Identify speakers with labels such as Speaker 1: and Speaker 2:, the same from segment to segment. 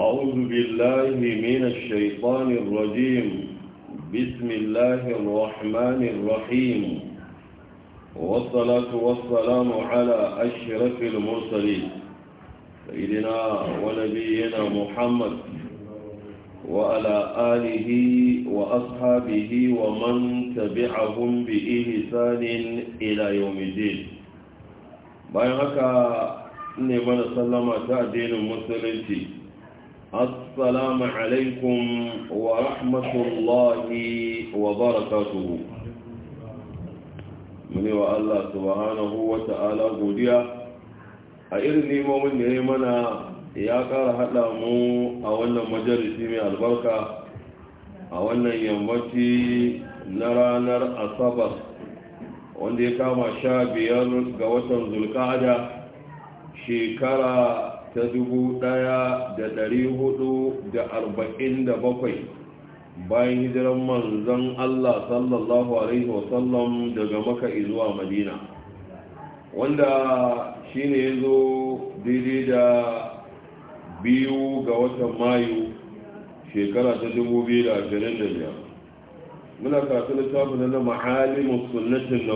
Speaker 1: أعوذ بالله من الشيطان الرجيم بسم الله الرحمن الرحيم والصلاة والسلام على أشرف المرسلين سيدنا ونبينا محمد وعلى آله وأصحابه ومن تبعهم بإحسان إلى يوم الدين bayan haka ne mana sallama ta addinin musulunci السلام عليكم ورحمة الله وبركاته muni wa Allah subhanahu wa ta'ala godiya a irin nemomin da ya mana ya ƙara haɗa mu a wannan majalisi mai albarka a wannan yammaci na ranar asabar wanda ya kama sha biyar ga watan zulkada shekara ta dubu ɗaya da dari hudu da arba'in da bakwai bayan hijiran manzan Allah sallallahu Alaihi wasallam daga maka zuwa madina wanda shi ne ya zo daidai da biyu ga watan mayu shekara ta dubu biyu da ashirin da biyar muna kasu littafin na mahalimin sunnatin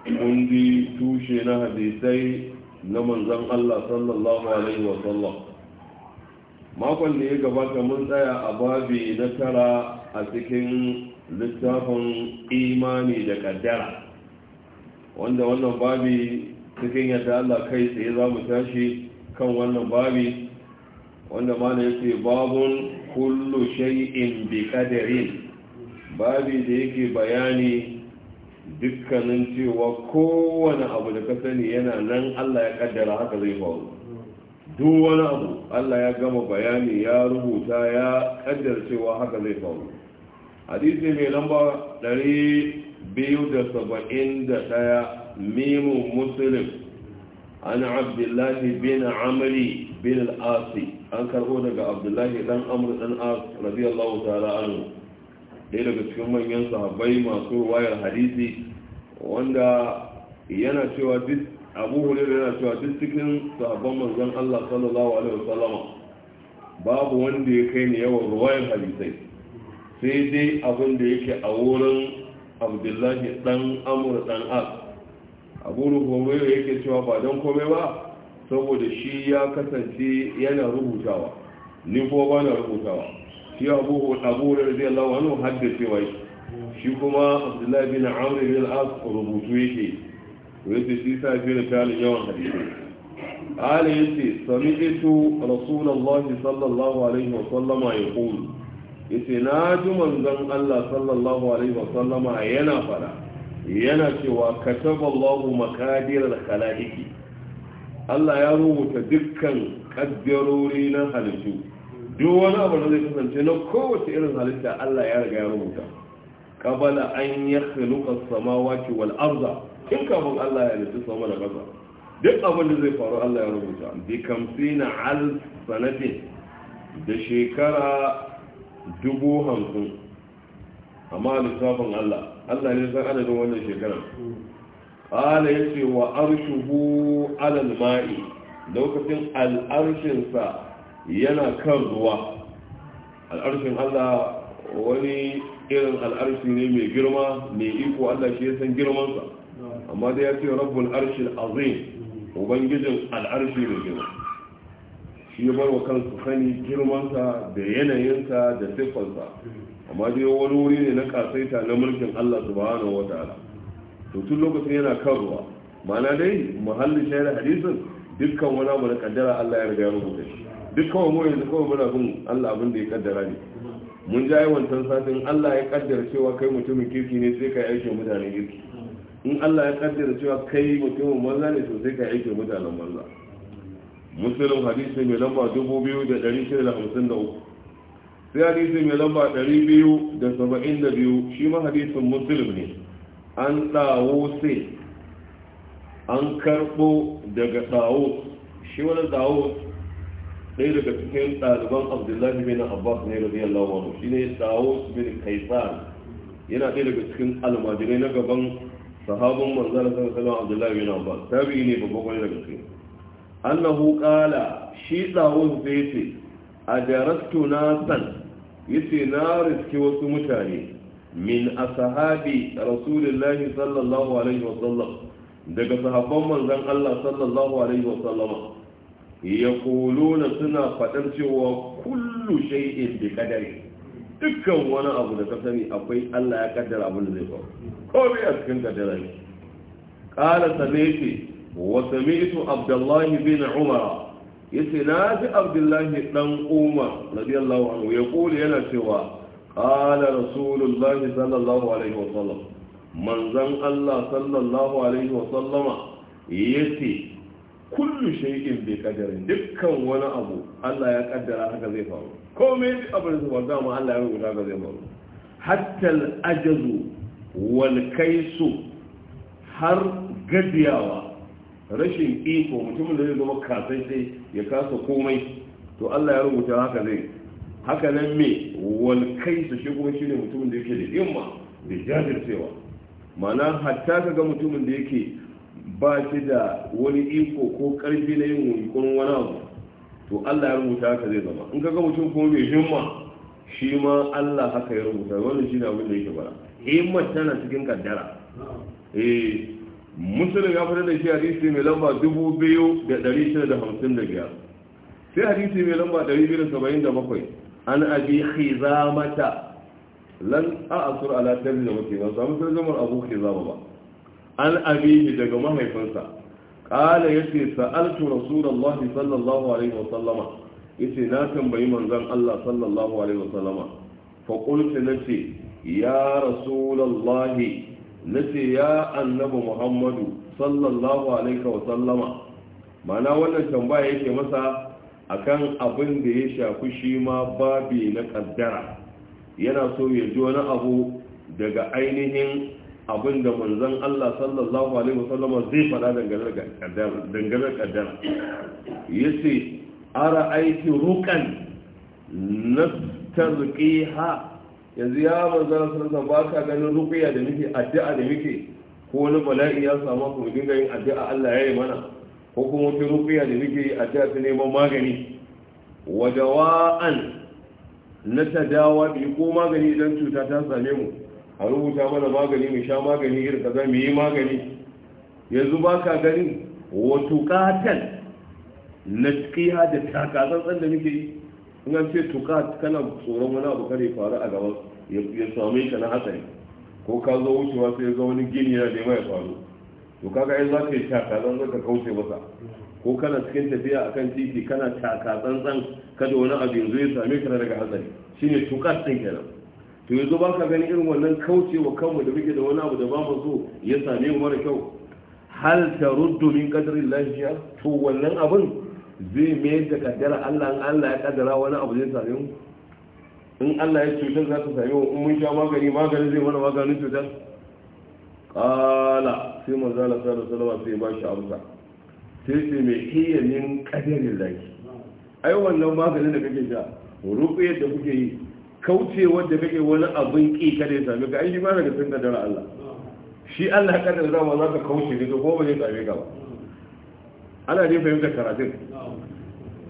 Speaker 1: Mun kundi tushe na hadisai na manzan Allah sallallahu alaihi wasallam makon da ya gabata mun tsaya a babi na tara a cikin littafin imani da kaddara wanda wannan babi cikin yadda Allah kai tsaye za mu tashi kan wannan babi wanda mana yake babun kullu shay'in bi kadarin babi da yake bayani dukkanin cewa kowane abu da ka sani yana nan Allah ya kaddara haka zai faru duk wani abu Allah ya gama bayani ya rubuta ya kaddara cewa haka zai faru hadisi mai lamba 271 mimu muslim an abdullahi bin amri bin al'asi an karbo daga abdullahi dan amur dan as radiyallahu ta'ala anhu ɗaya daga cikin manyan sahabbai masu wayar hadisi wanda yana cewa duk abu hulera yana cewa duk cikin sahabban manzon Allah sallallahu alaihi wasallama babu wanda ya kai ni yawan ruwayar hadisai sai dai abin da yake a wurin abdullahi dan amur dan al abu hulera yake cewa ba don komai ba saboda shi ya kasance yana rubutawa ni ko ba na rubutawa shi abu abu radiyallahu anhu haddacewa shi kuma abdullahi bin amr bin al-as rubutu yake wanda shi sa fi da talin yawan hadisi ali yace ito rasulullahi sallallahu alaihi wa sallama yaqul yace na ji manzon Allah sallallahu alaihi wa sallama yana fara yana cewa kataballahu makadir al-khalaiqi Allah ya rubuta dukkan kaddarori na halittu duk wani abu da zai kasance na kowace irin halitta Allah ya riga ya rubuta Kabala an yi as-samawati wal arda in kafin Allah ya halitta sama da ƙasa duk abin da zai faru Allah ya rubuta bi kamsina al sanatin da shekara dubu hamsin amma lissafin Allah Allah ne san adadin wannan shekarar ƙala ya ce wa arshuhu alal ma'i lokacin al'arshinsa yana kan ruwa al'arshin Allah wani irin al'arshi ne mai girma mai iko Allah shi ya san girmansa amma da ya ce rabbul arshil azim ubangijin al'arshi mai girma shi ya bar wa kansu sani girmansa da yanayinsa da siffansa amma dai wani wuri ne na kasaita na mulkin Allah subhanahu wa ta'ala to tun lokacin yana kan ruwa ma'ana dai muhallin shayar hadisin dukkan wani abu da kaddara Allah ya riga ya rubuta shi duk kawai mu yanzu kawai muna bin Allah abin da ya kaddara ne mun ja wancan satin Allah ya kaddara cewa kai mutumin kirki ne sai ka aike mutanen kirki in Allah ya kaddara cewa kai mutumin manza ne to sai ka aike mutanen manza. muslim hadisi mai lamba 2653 sai hadisi mai lamba 272 shi ma hadisin muslim ne an tsawo sai an karbo daga tsawo. shi wani tsawo. ɗaya daga cikin ɗaliban abdullahi bin abbas ne radiyallahu anhu shine dawud bin kaisan yana ɗaya daga cikin almajirai na gaban sahabin manzon sallallahu alaihi abdullahi bin abbas tabi'i ne babban wani daga cikin annahu qala shi dawud sai yace ajarastu nasan yace na riski wasu mutane min a ashabi rasulullahi sallallahu alaihi wasallam daga sahabban manzan Allah sallallahu alaihi wasallama yaquluna suna faɗan cewa kullu shay'in bi qadari dukkan wani abu da ka sani akwai Allah ya kaddara abin da zai faru komai a cikin kaddara ne qala sami'tu wa sami'tu abdullahi bin umar yace na ji abdullahi dan umar radiyallahu anhu ya kula yana cewa qala rasulullahi sallallahu alaihi wa sallam manzon Allah sallallahu alaihi wa sallama yace kullu shay'in bi qadari dukkan wani abu Allah ya kaddara haka zai faru komai duk abin da zai faru Allah ya rubuta haka zai faru hatta al ajzu wal kaisu har gadiyawa rashin iko mutumin da zai zama kasai sai ya kasa komai to Allah ya rubuta haka zai haka nan me wal kaisu shi kuma shine mutumin da yake da himma da jajircewa ma'ana hatta kaga mutumin da yake ba shi da wani iko ko karfi na yin yunkurin wani abu to Allah ya rubuta haka zai zama in kaga mutum kuma mai himma shi ma Allah haka ya rubuta wannan ne abin da yake bara himma tana cikin kaddara eh musulun ya fitar da shi hadisi mai lamba biyar sai hadisi mai lamba 277 an abi khizamata lan a'sur ala da mutum ba samu tarjumar abu khizama ba an abihi daga mahaifinsa ƙala ya ce sa'altu Rasulallah sallallahu alaihi wa sallama ya ce na tambayi manzan Allah sallallahu alaihi wa sallama faƙulci na ce ya Rasulallah na ce ya annabi muhammadu sallallahu alaihi wa sallama mana wannan tambaya yake masa akan abin da ya shafi shi ma babi na kaddara yana so ya ji wani abu daga ainihin abin da manzon Allah sallallahu alaihi wasallama zai fada dangane da kaddara ya ce yace ara aiki rukan ha yanzu ya manzon sallallahu ba ka ganin rukiya da muke addu'a da muke ko wani bala'i ya samu ku dinga yin addu'a Allah ya yi mana ko kuma wata rukiya da muke yi addu'a ta neman magani wa na na dawa biyu ko magani idan cuta ta same mu a rubuta mana magani mu sha magani irin kaza mu yi magani yanzu ba ka gani wato katan na tsiya da takatsantsan da muke yi in an ce tuka kana tsoron wani abu kare faru a gaban ya same ka na hatsari ko ka zo wucewa sai ya zo wani gini yana nema ya faru to kaga in za ka yi takatsantsan ka kauce masa ko kana cikin tafiya akan titi kana takatsantsan kada wani abu yanzu ya same ka daga hatsari shine tuka ɗin kenan to yanzu ba ka gani irin wannan kauce wa kanmu da muke da wani abu da ba mu so ya same mu mara kyau hal ta ruddu min qadri lafiya to wannan abin zai mai da kaddara Allah in Allah ya kaddara wani abu zai same mu in Allah ya cutar za ta same mu in mun sha magani magani zai mana maganin cutar qala sai manzo Allah sallallahu alaihi wasallam sai ba shi amsa sai sai mai iyayen qadarin lafiya ai wannan maganin da kake sha ruqyar da kuke yi kaucewar wanda kake wani abin ƙi kada ya same ka aiki ba daga sun kadar Allah shi Allah ya kadar dama za ka kauce ne ko ba zai same ka ba ana dai fahimtar karatun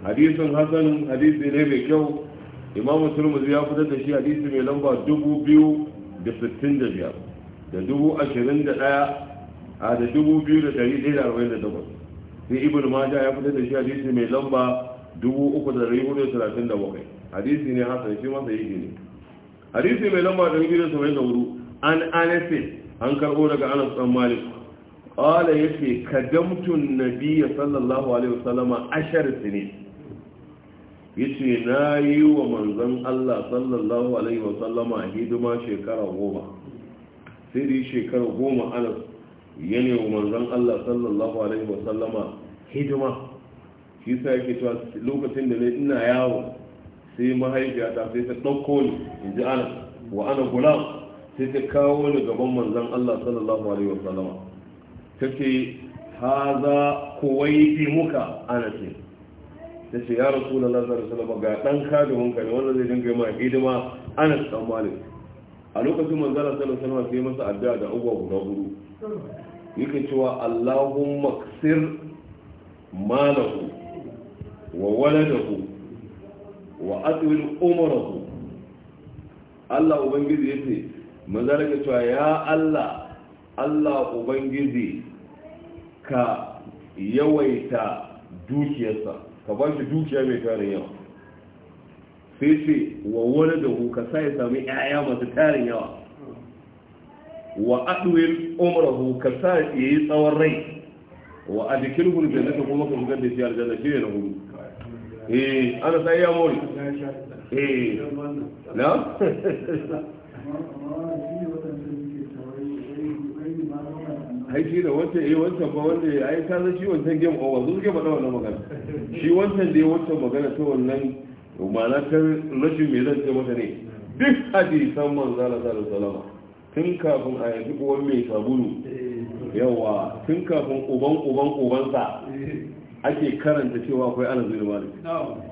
Speaker 1: hadisin hasan hadisi ne mai kyau imamu turmuzi ya fitar da shi hadisi mai lamba dubu biyu da sittin da biyar da dubu ashirin da ɗaya a da dubu biyu da ɗari ɗaya da arba'in da takwas sai ibn maja ya fitar da shi hadisi mai lamba dubu uku da ɗari hudu da talatin da bakwai hadisi ne hasan shi masa yi ne hadisi mai lamba da gidan sa mai zauru an anas an karbo daga anas dan malik qala yace kadamtun nabiyyi sallallahu alaihi wasallama ashar sinin yace na yi wa manzon Allah sallallahu alaihi wasallama hidima shekara goma sai da shekara goma anas ya ne wa manzon Allah sallallahu alaihi wasallama hidima shi sa yake cewa lokacin da ina yawo sai mahaifiya ta sai ta ɗauko ni in ji ana wa ana gula sai ta kawo ni gaban manzan Allah sallallahu alaihi sallama. ta ce haza bi muka ana ce ta ce ya rasu da wa salama ga ɗan kadimin ka ne wanda zai dinga ma hidima ana ɗan malik a lokacin alaihi wa salama sai masa addu'a da abubuwa guda hudu yake cewa Allahumma maksir malahu wa waladahu wa atwil umrahu Allah ubangiji yace manzalaka cewa ya Allah Allah ubangiji ka yawaita dukiyarsa ka ba shi dukiya mai tarin yawa sai ce wa wani da ka sa ya sami 'ya'ya masu tarin yawa wa adwil umrahu ka sa ya yi tsawon rai wa adkilhu aljannata kuma ka kuma kuma shi aljanna shi ne na hudu eh ana sai ya mori eh na ai shi da wancan eh wancan ba wanda ya yi kasa shi wancan game over su suke faɗa wannan magana shi wancan da ya wancan magana ta wannan ma'ana ta rashin mai zan ce mata ne duk hadisan manzala sallallahu alaihi tun kafin a yanzu uwan mai sabulu eh. yawa tun kafin uban uban ubansa eh. ake karanta cewa akwai anas bin malik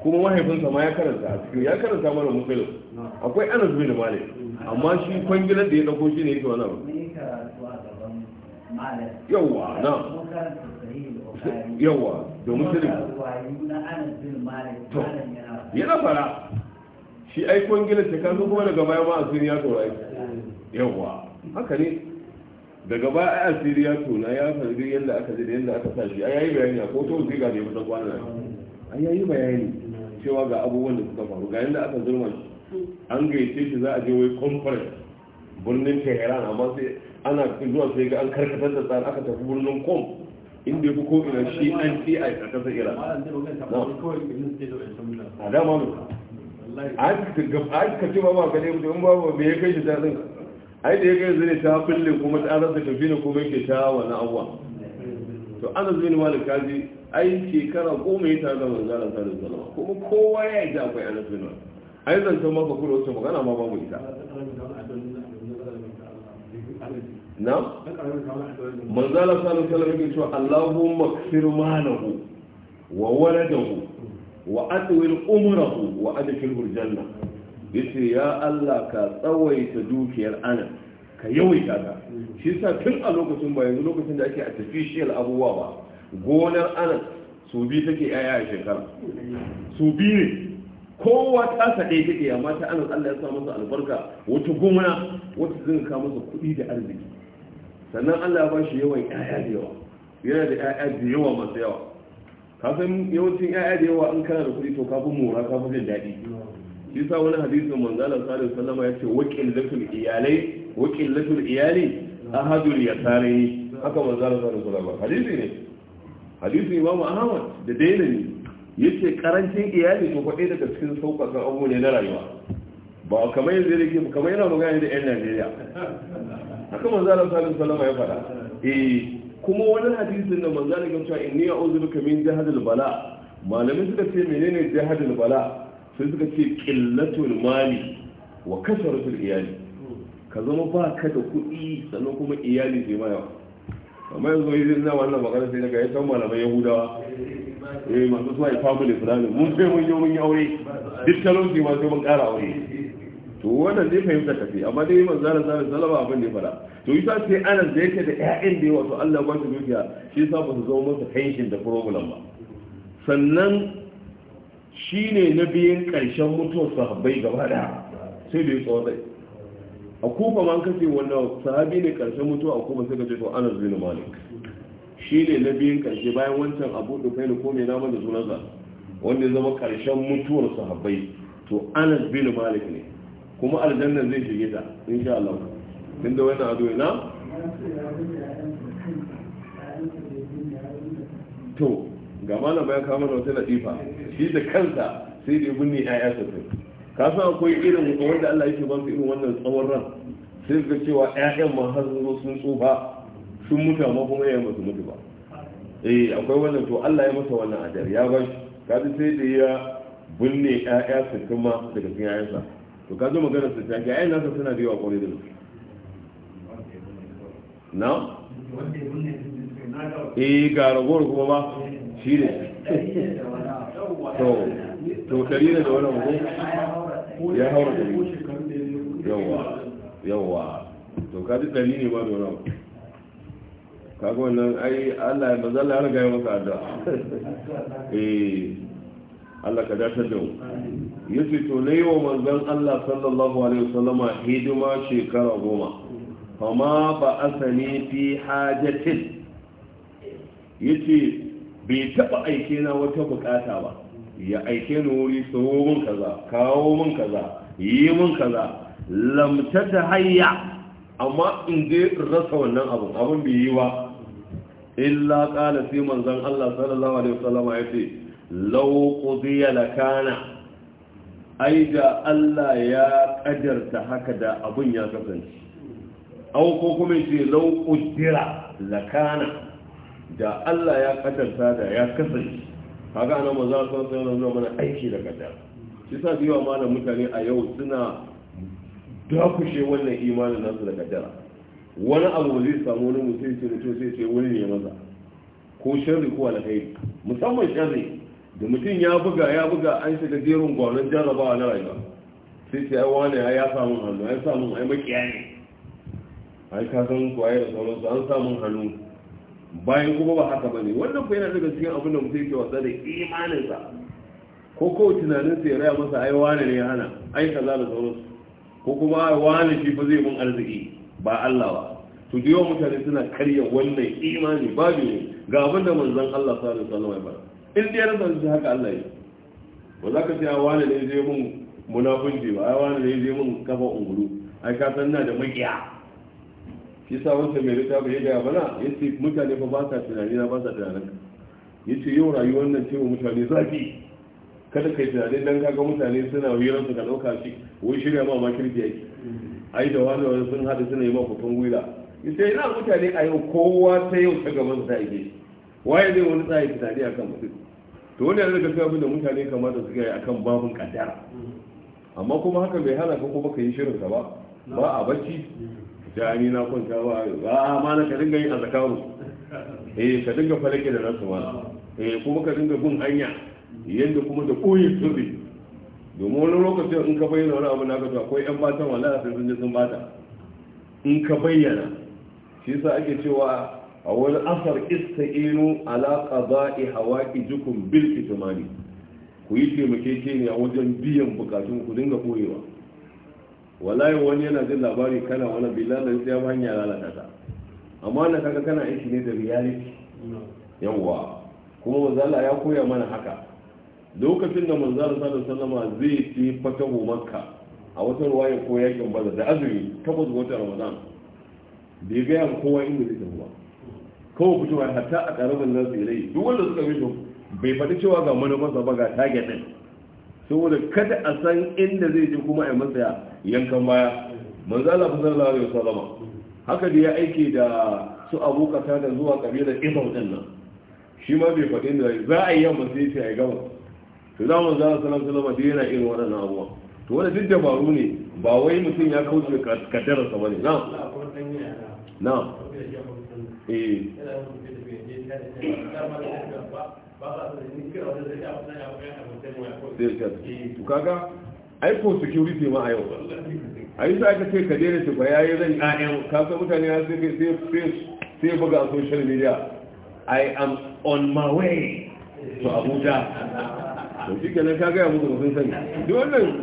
Speaker 1: kuma mahaifinsa ma ya karanta a cikin ya karanta mana musulun akwai anas bin malik amma shi kwangilan da ya dauko shi ne yake wannan yawa na yawa da musulun yana fara shi ai kwangilan ta kan kuma daga baya ma a sun ya tsorai yawa haka ne daga ba a asiri ya tona ya sanri yadda aka zai da yadda aka sa shi a yayi bayani a ko to zai ga ne masa kwana a yayi bayani cewa ga abubuwan da suka faru ga yadda aka zurma an gaice shi za a je wai conference birnin teheran amma sai ana zuwa sai ga an karkatar da tsarin aka tafi birnin kom inda yafi ko ina shi an ci a kasar iran a dama mu an ka ci ba ma ka ne mutum ba ba ya kai shi tsarin ai da ya ga zai ne ta kulle kuma ta rasa tafi ne kuma yake ta wani abuwa to ana zai ne malik kaji ai shekara goma ya ta zama zara ta da zalama kuma kowa ya yi akwai ana zuwa ne ai zancen maka kuma wacce magana ma babu ita na manzala ta da ke yake cewa allahu makfir malahu wa waladahu wa atwil umrahu wa adkhilhu hurjanna yace ya Allah ka tsawaita dukiyar anan ka yawaita ta shi sa tun a lokacin ba yanzu lokacin da ake a artificial abubuwa ba gonar anan su biyu take yaya a shekara su biyu ne kowa ta saɗe take amma ta anan Allah ya sa masa albarka wata gomna wata zai ka masa kuɗi da arziki sannan Allah ya ba shi yawan yaya da yawa yana da yaya da yawa masu yawa kafin yawancin yaya da yawa in kana da kuɗi to kafin mora kafin jin daɗi shi sa wani hadisi manzo Allah sallallahu alaihi wasallam ya ce waqillatul iyalai waqillatul iyali ahadul yasari haka manzo Allah sallallahu alaihi wasallam hadisi ne hadisi imamu Ahmad da ya yace karancin iyali ko fa daga cikin saukakar abu ne na rayuwa ba kamar yanzu yake kamar yana magana da 'yan Najeriya haka manzo Allah sallallahu alaihi wasallam ya faɗa eh kuma wani hadisin da manzo Allah ya ce inni a'udhu bika min jahadil bala malamin suka ce menene jahadil bala sai suka ce ƙillatul mali wa kasaratul iyali ka zama ba ka da kuɗi sannan kuma iyali sai mayawa amma yanzu yi zai wannan magana sai daga ya malamai yahudawa eh masu suwa family planning mun sai mun yi mun yi aure duk talauci ma sai mun ƙara aure to wannan zai fahimta tafi amma dai manzara sa salama abin da ya fara to yi sa sai anan da yake da ƴaƴan da yawa to Allah ba su dukiya shi yasa ba su zama masa tension da problem ba sannan Shi ne na biyan ƙarshen mutuwar sahabbai gaba da sai da ya tsawazai a kufa man kace wannan sahabi ne ƙarshen mutuwa a kuma sai ka ce to ana zuwa malik shi ne na biyan ƙarshe bayan wancan abu da kai na kome na mana sunansa wanda ya zama ƙarshen mutuwar sahabbai to anas na malik ne kuma aljanna zai shige ta insha Allah tun da wannan ado ina to ga malam bayan kawo mana wata latifa shi da kansa sai da ya binne ƴaƴa sosai ka san akwai irin wanda Allah yake ba su irin wannan tsawon ran sai ga cewa ƴaƴan ma har zo sun tsufa sun mutu amma kuma ya musu mutu ba eh akwai wannan to Allah ya masa wannan ajar ya ba shi kaji sai da ya binne ƴaƴa su ma daga cikin ƴaƴansa to ka zo magana su tafi ƴaƴan nasa suna da yawa kwarai da gaske na eh ga ragowar kuma ba shi ne to ne da wani abu ya haura dari yawa yawa to ka ji dari ne ba da wani abu kaga wannan ai Allah ya mazalla ya riga ya maka addu'a eh Allah ka dace da mu yace to nayi wa manzon Allah sallallahu alaihi wasallama hidima shekara goma fama ba asani fi hajatin yace bai taɓa aike na wata bukata ba ya aike ni wuri tsoro mun kaza kawo mun kaza yi mun kaza lamta ta hayya amma in je rasa wannan abun abun bai yi ba illa kala sai manzon Allah sallallahu alaihi wasallam ya ce law qudiya lakana ai da Allah ya kadarta haka da abun ya kasance au kuma ce law qudira lakana da Allah ya kaddarta da ya kasance kaga anan za sun san zuwa mana aiki da kaddara shi sa biyu ma da mutane a yau suna dakushe wannan imanin nasu da kaddara wani abu zai samu wani mutum ce mutum sai ce wani ne maza ko sharri ko alkhairi musamman sharri da mutum ya buga ya buga an shiga jerin gwanon jarrabawa na rayuwa sai ce ai wani ya samu hannu ya samu ai makiyaye ai ka san kwaye da sauransu an samu hannu bayan kuma ba haka bane wannan ko yana daga cikin abin da mutum yake wasa da imaninsa ko ko tunaninsa ya raya masa ai wani ne ya hana ai kaza da sauransu ko kuma ai wani shi fa zai mun arziki ba Allah ba to da yawan mutane suna karya wannan imani babu ne ga abin da manzon Allah sallallahu alaihi wasallam ya fara in dai rasa shi haka Allah ya ba za ka ce ai wani ne zai mun munafunci ba ai wani ne zai mun kafa ungulu ai ka san na da makiya shi sa wancan mai rita bai gaya bana ya ce mutane fa ba sa tunani na ba sa tunanin ya ce yau rayuwar nan wa mutane zafi kada kai tunanin dan kaga mutane suna hirar su ka ɗauka shi wai shirya ma ma kirki yake ai da wani wani sun haɗu suna yi ma kufin gwiwa ya ce ina mutane a yau kowa ta yau ta gaban sa ake waye zai wani tsaye tunani akan mutum to wani yanzu daga abin da mutane kamata su gaya akan babin kaddara amma kuma haka bai hana ka kuma ka yi shirin ka ba ba a bacci da ni na kwanta ba a ma na ka dinga yin azkaru eh ka dinga falake da nasu ma eh kuma ka dinga bin hanya yadda kuma da koyi sirri domin wani lokacin in ka bayyana wani abu naka to akwai yan bata wallahi sai sun je sun bata in ka bayyana shi yasa ake cewa a wani asar ista'inu ala qada'i hawaijukum bil kitmani ku yi taimakekeniya wajen biyan bukatun ku dinga koyewa wallahi wani yana jin labari kana wani billahi sai ya hanya lalata ta amma na kaga kana aiki ne da reality yawa kuma manzala ya koya mana haka lokacin da manzala sallallahu sallama zai ci fatahu makka a wata ruwaya ko yakin bada da azumi takwas wata ramadan bai gaya ma kowa inda zai tafi ba kawai fitowa hatta a ƙaramin nan sai duk wanda suka bi bai faɗi cewa ga manufarsa ba ga target din saboda kada a san inda zai je kuma a matsaya yankan baya manzo Allah sallallahu alaihi wasallam haka da ya aike da su ta da zuwa kabilar Ibn dinnan shi ma bai faɗi da za a yi yamma sai sai ya gama. to za mu Allah sallallahu alaihi wasallam yana irin waɗannan abuwa to wanda duk dabaru ne ba wai mutum ya kauce sa bane na'am na'am eh to kaga iphone security ma a yau a yi sa aka ce ka daina ce ba ya yi zan ɗayan kasa mutane ya sai buga social media i am on my way to abuja to shi kenan ka gaya muku sun sani da wannan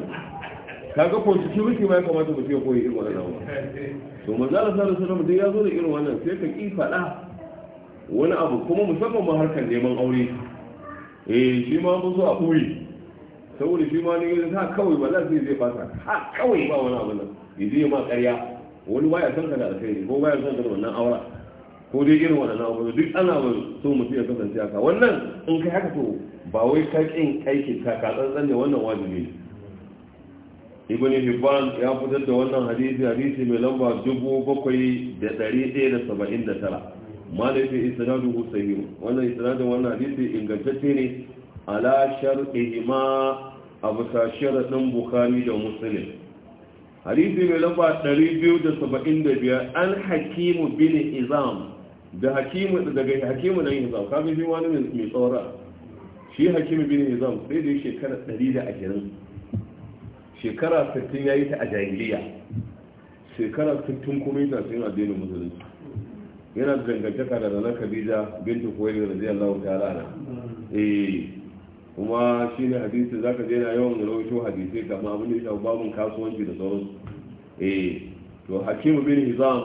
Speaker 1: kaga ko security ma ya kamata mu ya koyi irin wannan to manzo da sallallahu alaihi wasallam ya zo da irin wannan sai ka ki faɗa. wani abu kuma musamman ma harkar neman aure eh shi ma mun so a kuri saboda shi ma ne yanzu ha kawai ba za su zai fasa ha kawai ba wani abu nan yanzu ya ma karya. wani baya son ka da alkhairi ko baya son ka da wannan aura ko dai irin wannan abu duk ana ba so mutum ya kasance haka wannan in kai haka to ba wai ka kin aikin ka ka tsantsan ne wannan wajibi ne ibn hibban ya fitar da wannan hadisi hadisi mai lamba tara. malafi da yake wannan isnadin wannan hadisi ingantacce ne ala ma abu ta din bukhari da muslim hadisi mai lamba 275 an hakimu bin izam da hakimu daga hakimu nan izam ka shi wani mai tsora shi hakimu bin izam sai da shekara 120 shekara 60 yayi ta a jahiliya shekara 60 kuma yana cikin addinin musulunci yana da dangantaka da na khadija bintu kuwaili radiyallahu ta'ala na eh kuma ne hadisi zaka je na yawan rawaito hadisi kamar abin da ya babin kasuwanci da sauransu eh to hakimu bin hizam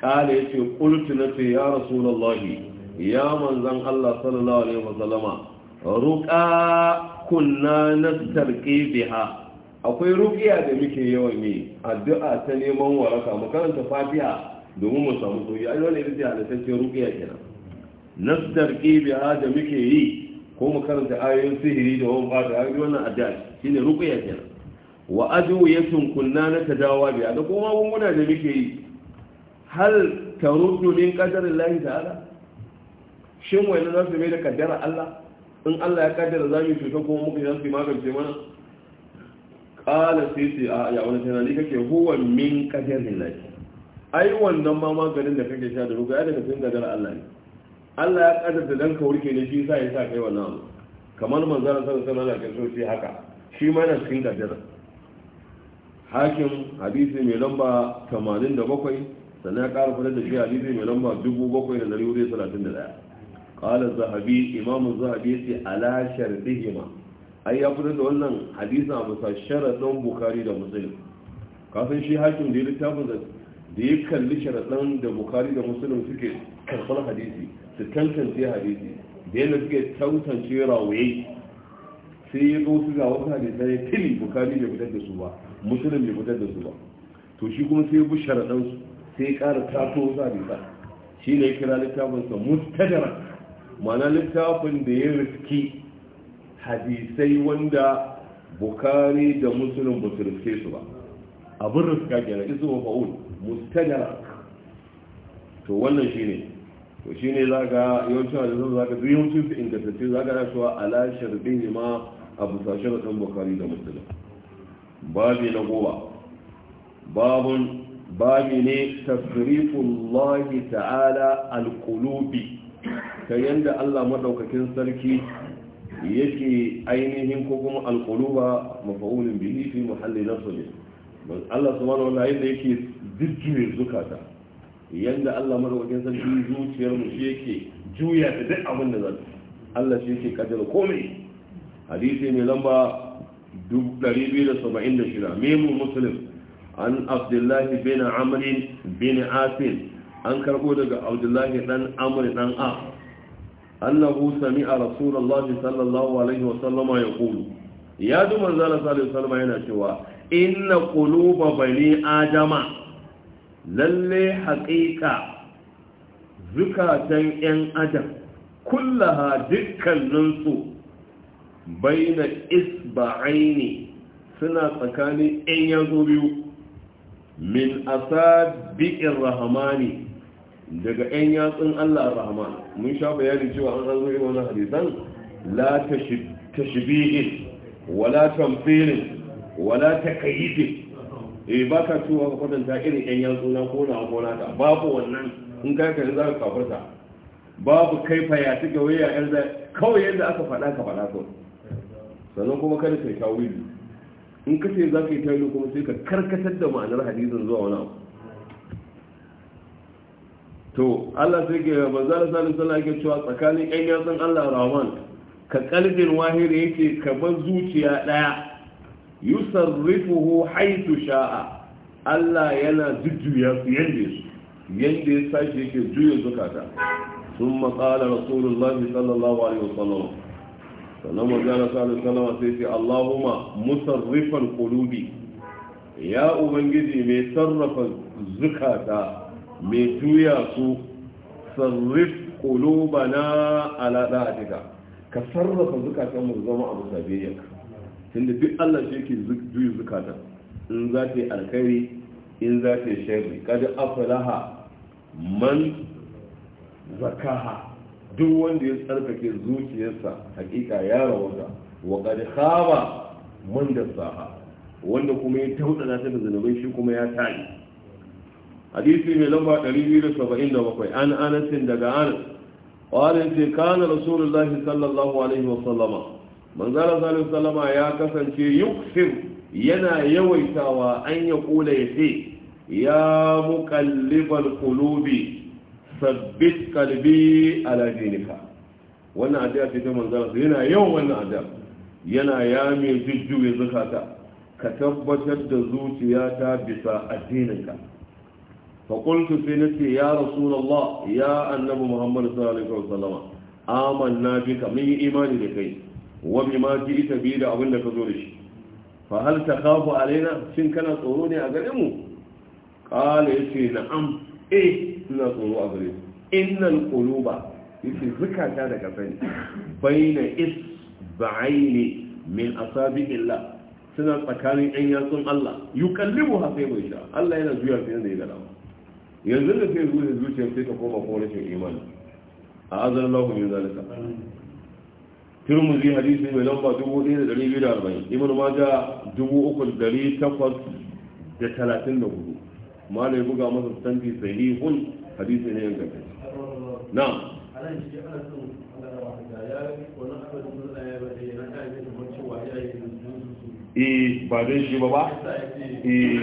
Speaker 1: kala yace qultu nafi ya rasulullahi ya manzon Allah sallallahu alaihi wasallama ruqa kunna nastarqi biha akwai ruƙiya da muke yawan yi addu'a ta neman waraka mu karanta fatiha domin mu samu soyayya ai dole ita halittacciyar ruqiya kenan nasdar biha da muke yi ko mu karanta ayoyin sihiri da wani fata ai wannan addu'a shine ruqiya kenan wa yasun kunna na tadawa biya da kuma magunguna da muke yi hal taruddu min Allah ta'ala shin wani nan su mai da kaddara Allah in Allah ya kaddara za mu cuta kuma mu yi su magance mana qala sisi a ya wani ni kake huwa min Allah ai wannan ma maganin da kake sha da ruga ai daga cikin gadar Allah ne Allah ya kaddara dan ka warke ne shi yasa ya sa kai wannan abu kamar manzara sallallahu alaihi wasallam ya shi haka shi ma na cikin gadar hakim hadisi mai lamba 87 sannan ya ƙara fara da shi hadisi mai lamba 7431 qala zahabi imamu zahabi yace ala shartihima ai ya fitar da wannan hadisin a bisa sharadin bukhari da muslim kafin shi hakim da littafin da ya kalli sharaɗan da bukari da musulun suke karɓar hadisi su tantance hadisi da yadda suke tantance rawaye sai ya zo su ga wasu hadisai ya tili bukari bai fitar da su ba musulun bai fitar da su ba to shi kuma sai ya bi sharaɗan su sai ya ƙara tato wasu hadisa shi ne ya kira littafinsa mustadara ma'ana littafin da ya riski hadisai wanda bukari da musulun ba su riske su ba abin riska kenan isu mafa'ul mustadara to wannan shine to shine zaka yawancin hadisan zaka duk yawancin su ingantacce zaka ga cewa ala sharbihi ma abu sashir dan bukhari da muslim babi na goma babun babi ne tasrifullahi ta'ala alqulubi ta yanda Allah madaukakin sarki yake ainihin ko kuma alquluba mafaulin bihi fi muhalli nasb Allah subhanahu wa ta'ala yake jujjuye zukata yanda Allah madaukakin sarki zuciyar mu shi yake juya da duk abin da zai Allah shi yake kaddara komai hadisi mai lamba 276 memu muslim an abdullahi bin amr bin asim an karbo daga abdullahi dan amr dan a annahu sami'a rasulullahi sallallahu alaihi wa yaqulu ya du manzala sallallahu alaihi wasallam yana cewa inna quluba bani adama lalle haƙiƙa zukatan 'yan adam kullaha dukkaninsu baina isba'aini suna tsakanin 'yan yazo biyu min asabi'ir rahmani daga 'yan yatsun Allah rahama. mun sha bayani cewa an zanzo wannan hadisan la tashbihin wala tamthilin wala takayyifin eh ba ka cewa ka kwatanta irin yan yatsuna ko na ko naka babu wannan in ka kai za ka kafarta babu kai fa ya tuka waya yan da kawai yadda aka faɗa ka faɗa to sannan kuma kada kai wili, in ka ce za ka yi tawili kuma sai ka karkatar da ma'anar hadisin zuwa wani abu to Allah sai ke manzala sallallahu alaihi wasallam cewa tsakanin yan yatsun Allah Rahman ka kalbin wahiri yake ka bar zuciya daya yusarrifuhu haitu sha'a Allah yana jujjuya su yanda su yanda ya sashi yake juya zukata sun matsala rasulullah sallallahu alaihi wasallam sannan magana sallallahu Sallama sai ce Allahuma musarrifan kulubi. ya ubangiji mai sarrafa zukata mai juya su sarrif kulubana ala da'atika ka sarrafa zukatan mu zama abu sabiyyanka da duk Allah shi ke juyi zukata in za ta yi alkhairi in za ta yi sharri kada afalaha man zakaha duk wanda ya tsarkake zuciyarsa hakika ya rawata wa kad khaba man dasaha wanda kuma ya taudana na tafi zanubai shi kuma ya tayi hadisi mai lamba 277 an anas daga anas qala in kana rasulullahi sallallahu alaihi wa sallama manzala salim salama ya kasance yuksir yana yawaitawa an ya kula ya ce ya muƙalliban kulubi sabbit kalbi ala wannan addu'a ce ta manzala yana yawan wannan addu'a yana ya mai jujjuye zukata ka tabbatar da zuciyata bisa addininka faƙultu sai na ce ya rasulallah ya annabi muhammadu sallallahu alaihi wasallam amanna bika mun yi imani da kai ma ji ita biyu da abin da ka zo da shi fa hal a alaina shin kana tsoro ne a gare mu qala na am e. Eh, ina tsoro a gare innal quluba yace zakata da kafani baina isba'aini min illa suna tsakanin 'yan yatsun Allah yi kallibu ha sai mai sha Allah yana zuwa fiye da ya gada yanzu da sai zuwa zuciyar sai ka koma ko rashin imani a azar lahu yi zalika turmuzi hadisi mai lamba 1240 ibn maja 3834 malai buga masa sanfi sahihun hadisi ne yanka kai na'am e ba dai shi ba ba e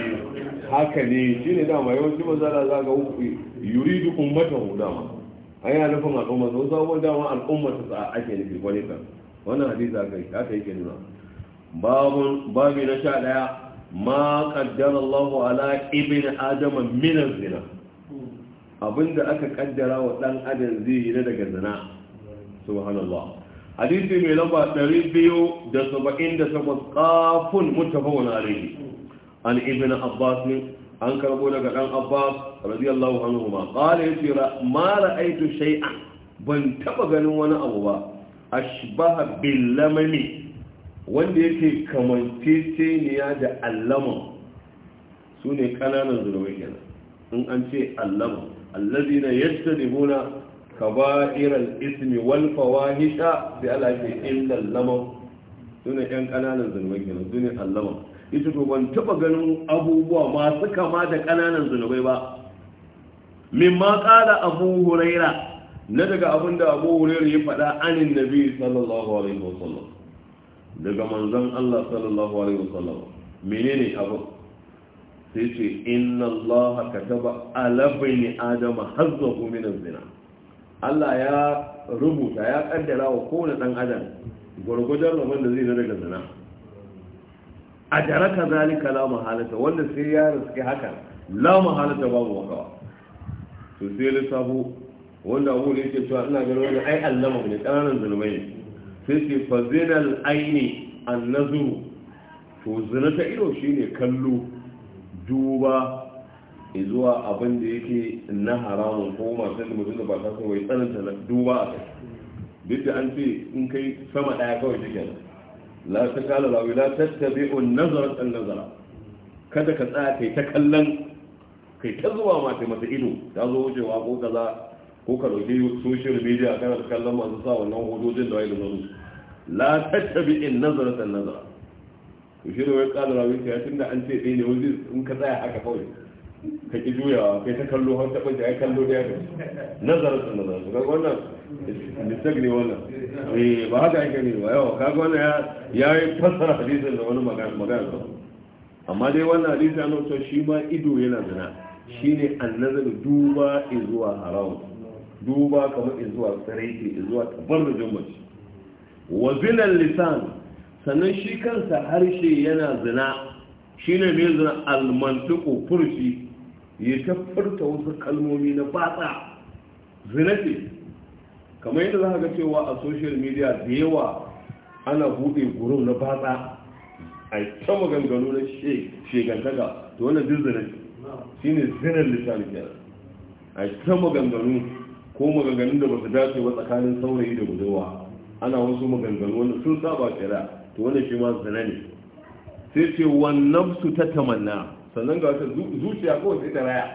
Speaker 1: haka ne shi ne dama yawanci mazala za ga uku yuridu ummatahu dama ai ya nufin al'umma su sabon dama al'umma su sa ake nufi wani kan wannan hadisi aka yi aka yake nuna babun babi na sha daya ma qaddara Allahu ala ibn adama min zina abinda aka kaddara wa dan adam zai yi daga zina subhanallah hadisi mai lamba 278 qafun muttafaqun alayhi an ibn abbas an karbo daga dan abbas radiyallahu anhu ma qala yace ma ra'aytu shay'an ban taba ganin wani abu ba ashbaha bil lamani wanda yake kamanceceniya da allama su ne kananan zurwai kenan in an ce allama allazina yajtanibuna kaba'ir al-ismi wal fawahisha sai Allah ya ce illa allama sune yan kananan zurwai kenan sune allama ita to ban taba ganin abubuwa masu kama da ƙananan zunubai ba Min ma ƙala abu huraira na daga abin da abu huraira ya faɗa anin nabi sallallahu alaihi wasallam daga manzon Allah sallallahu alaihi wasallam menene abu sai ce inna Allah kataba ala bayni adama hazzahu min az-zina Allah ya rubuta ya kaddara wa kowane dan adam gurgudan rabon da zai na daga zina a daraka zalika la mahalata wanda sai ya riski haka la mahalata babu makawa to sai lissafo wanda abu ne ke cewa ina ganin wani ai allama ne ƙananan zulmai ne sai ce fazinal aini annazuru to zina ta ido shine kallo duba zuwa abin da yake na haramun ko masu da mutum da ba ta kawai tsananta duba a kai duk da an ce in kai sama ɗaya kawai shi nan. la ta kala la wila tattabi'un nazara an nazara kada ka tsaya kai ta kallon kai ta zuwa ma kai mata ido ta zo wucewa ko kaza ko ka dauki social media kana ta kallon masu sa wannan hudodin da wai da zaru la tattabi'in nazara an nazara to shi ne wai kala la wila tunda an ce dai ne wani in ka tsaya haka kawai ka ki juyawa kai ta kallo har taɓa ya kallo da ya nazara an nazara wannan mistake ne wannan eh ba haka ake ne ba yawa kaga wannan ya yi fassara hadisin da wani magana ba amma dai wannan hadisi an wato shi ma ido yana zina Shi ne annazar duba zuwa haram duba kamar zuwa tsiraiti zuwa tabarrujin mace wa zinan lisan sannan shi kansa harshe yana zina shi ne mai zina almantuku furci ya ta furta wasu kalmomi na batsa zina ce kamar yadda za ga cewa a social media da yawa ana buɗe gurum na batsa a cikin maganganu na shegantaka to wannan dizinin shi ne zinar lissani biyar a cikin maganganu ko maganganun da ba su dace ba tsakanin saurayi da budurwa ana wasu maganganu wanda sun saba kira to wannan shi ma zina ne sai ce wannan su ta tamanna sannan ga wata zuciya kawai sai ta raya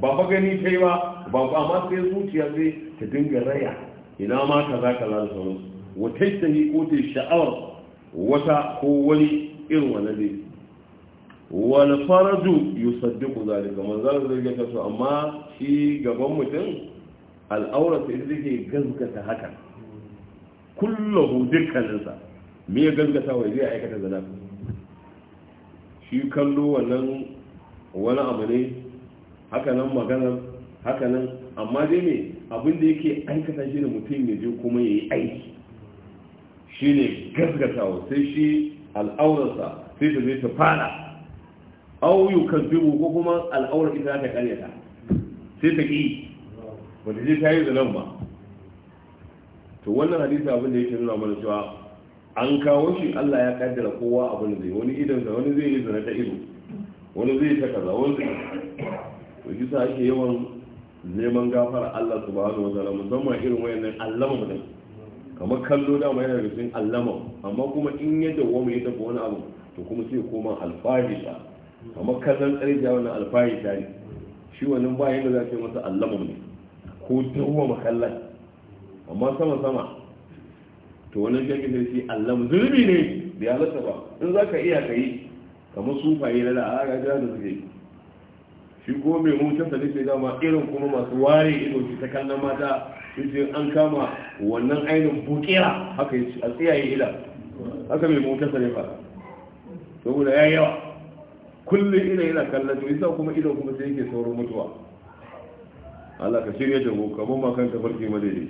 Speaker 1: ba ba gani ta yi ba ba amma sai zuciya sai ta dinga raya ina ma kaza kaza lalata wani wata tahi ko kote sha'awar wata ko wani irin wannan dai wal faraju yusaddiqu zalika manzal da yake amma shi gaban mutum al'aura yi yake gazgata haka kullahu dukkaninsa me ya gazgata wai zai aikata zana shi kallo wannan wani abu ne hakanan maganar hakanan amma dai me abin da yake aikata shi ne mutum ya je kuma ya yi aiki shi ne gasgatawa sai shi al'aurarsa sai ta zai ta fara auyu kan zubu ko kuma al'aurar ita ta karyata sai ta ƙi ba ta je ta yi zanen ba to wannan hadisi abin da yake nuna mana cewa an kawo shi Allah ya kaddara kowa abin da zai wani sa wani zai yi zana ta ido wani zai ta kaza wani zai to shi sa ake yawan neman gafara Allah subhanahu wa ta'ala musamman irin wayannan allama mutum kamar kallo da mai daga cikin allama amma kuma in ya dawo mai tafi wani abu to kuma sai koma alfahisha kamar kazan tsarja wannan alfahisha ne shi wannan ba yanda za ka yi masa allama ne ko dawo makallan amma sama sama to wannan shi da shi allama zulmi ne da ya lasa ba in za ka iya ka yi kamar sufaye na da a ga da suke shi ko mai mutum sa nufi dama irin kuma masu ware ido su ta kallon mata yace an kama wannan ainihin bukira haka yi a tsiyaye ila haka mai mutum sa ne fara saboda ya yawa kullum ina yana kallon to isa kuma ido kuma sai yake sauran mutuwa Allah ka shirya da mu kamar ma kan tafarki madadi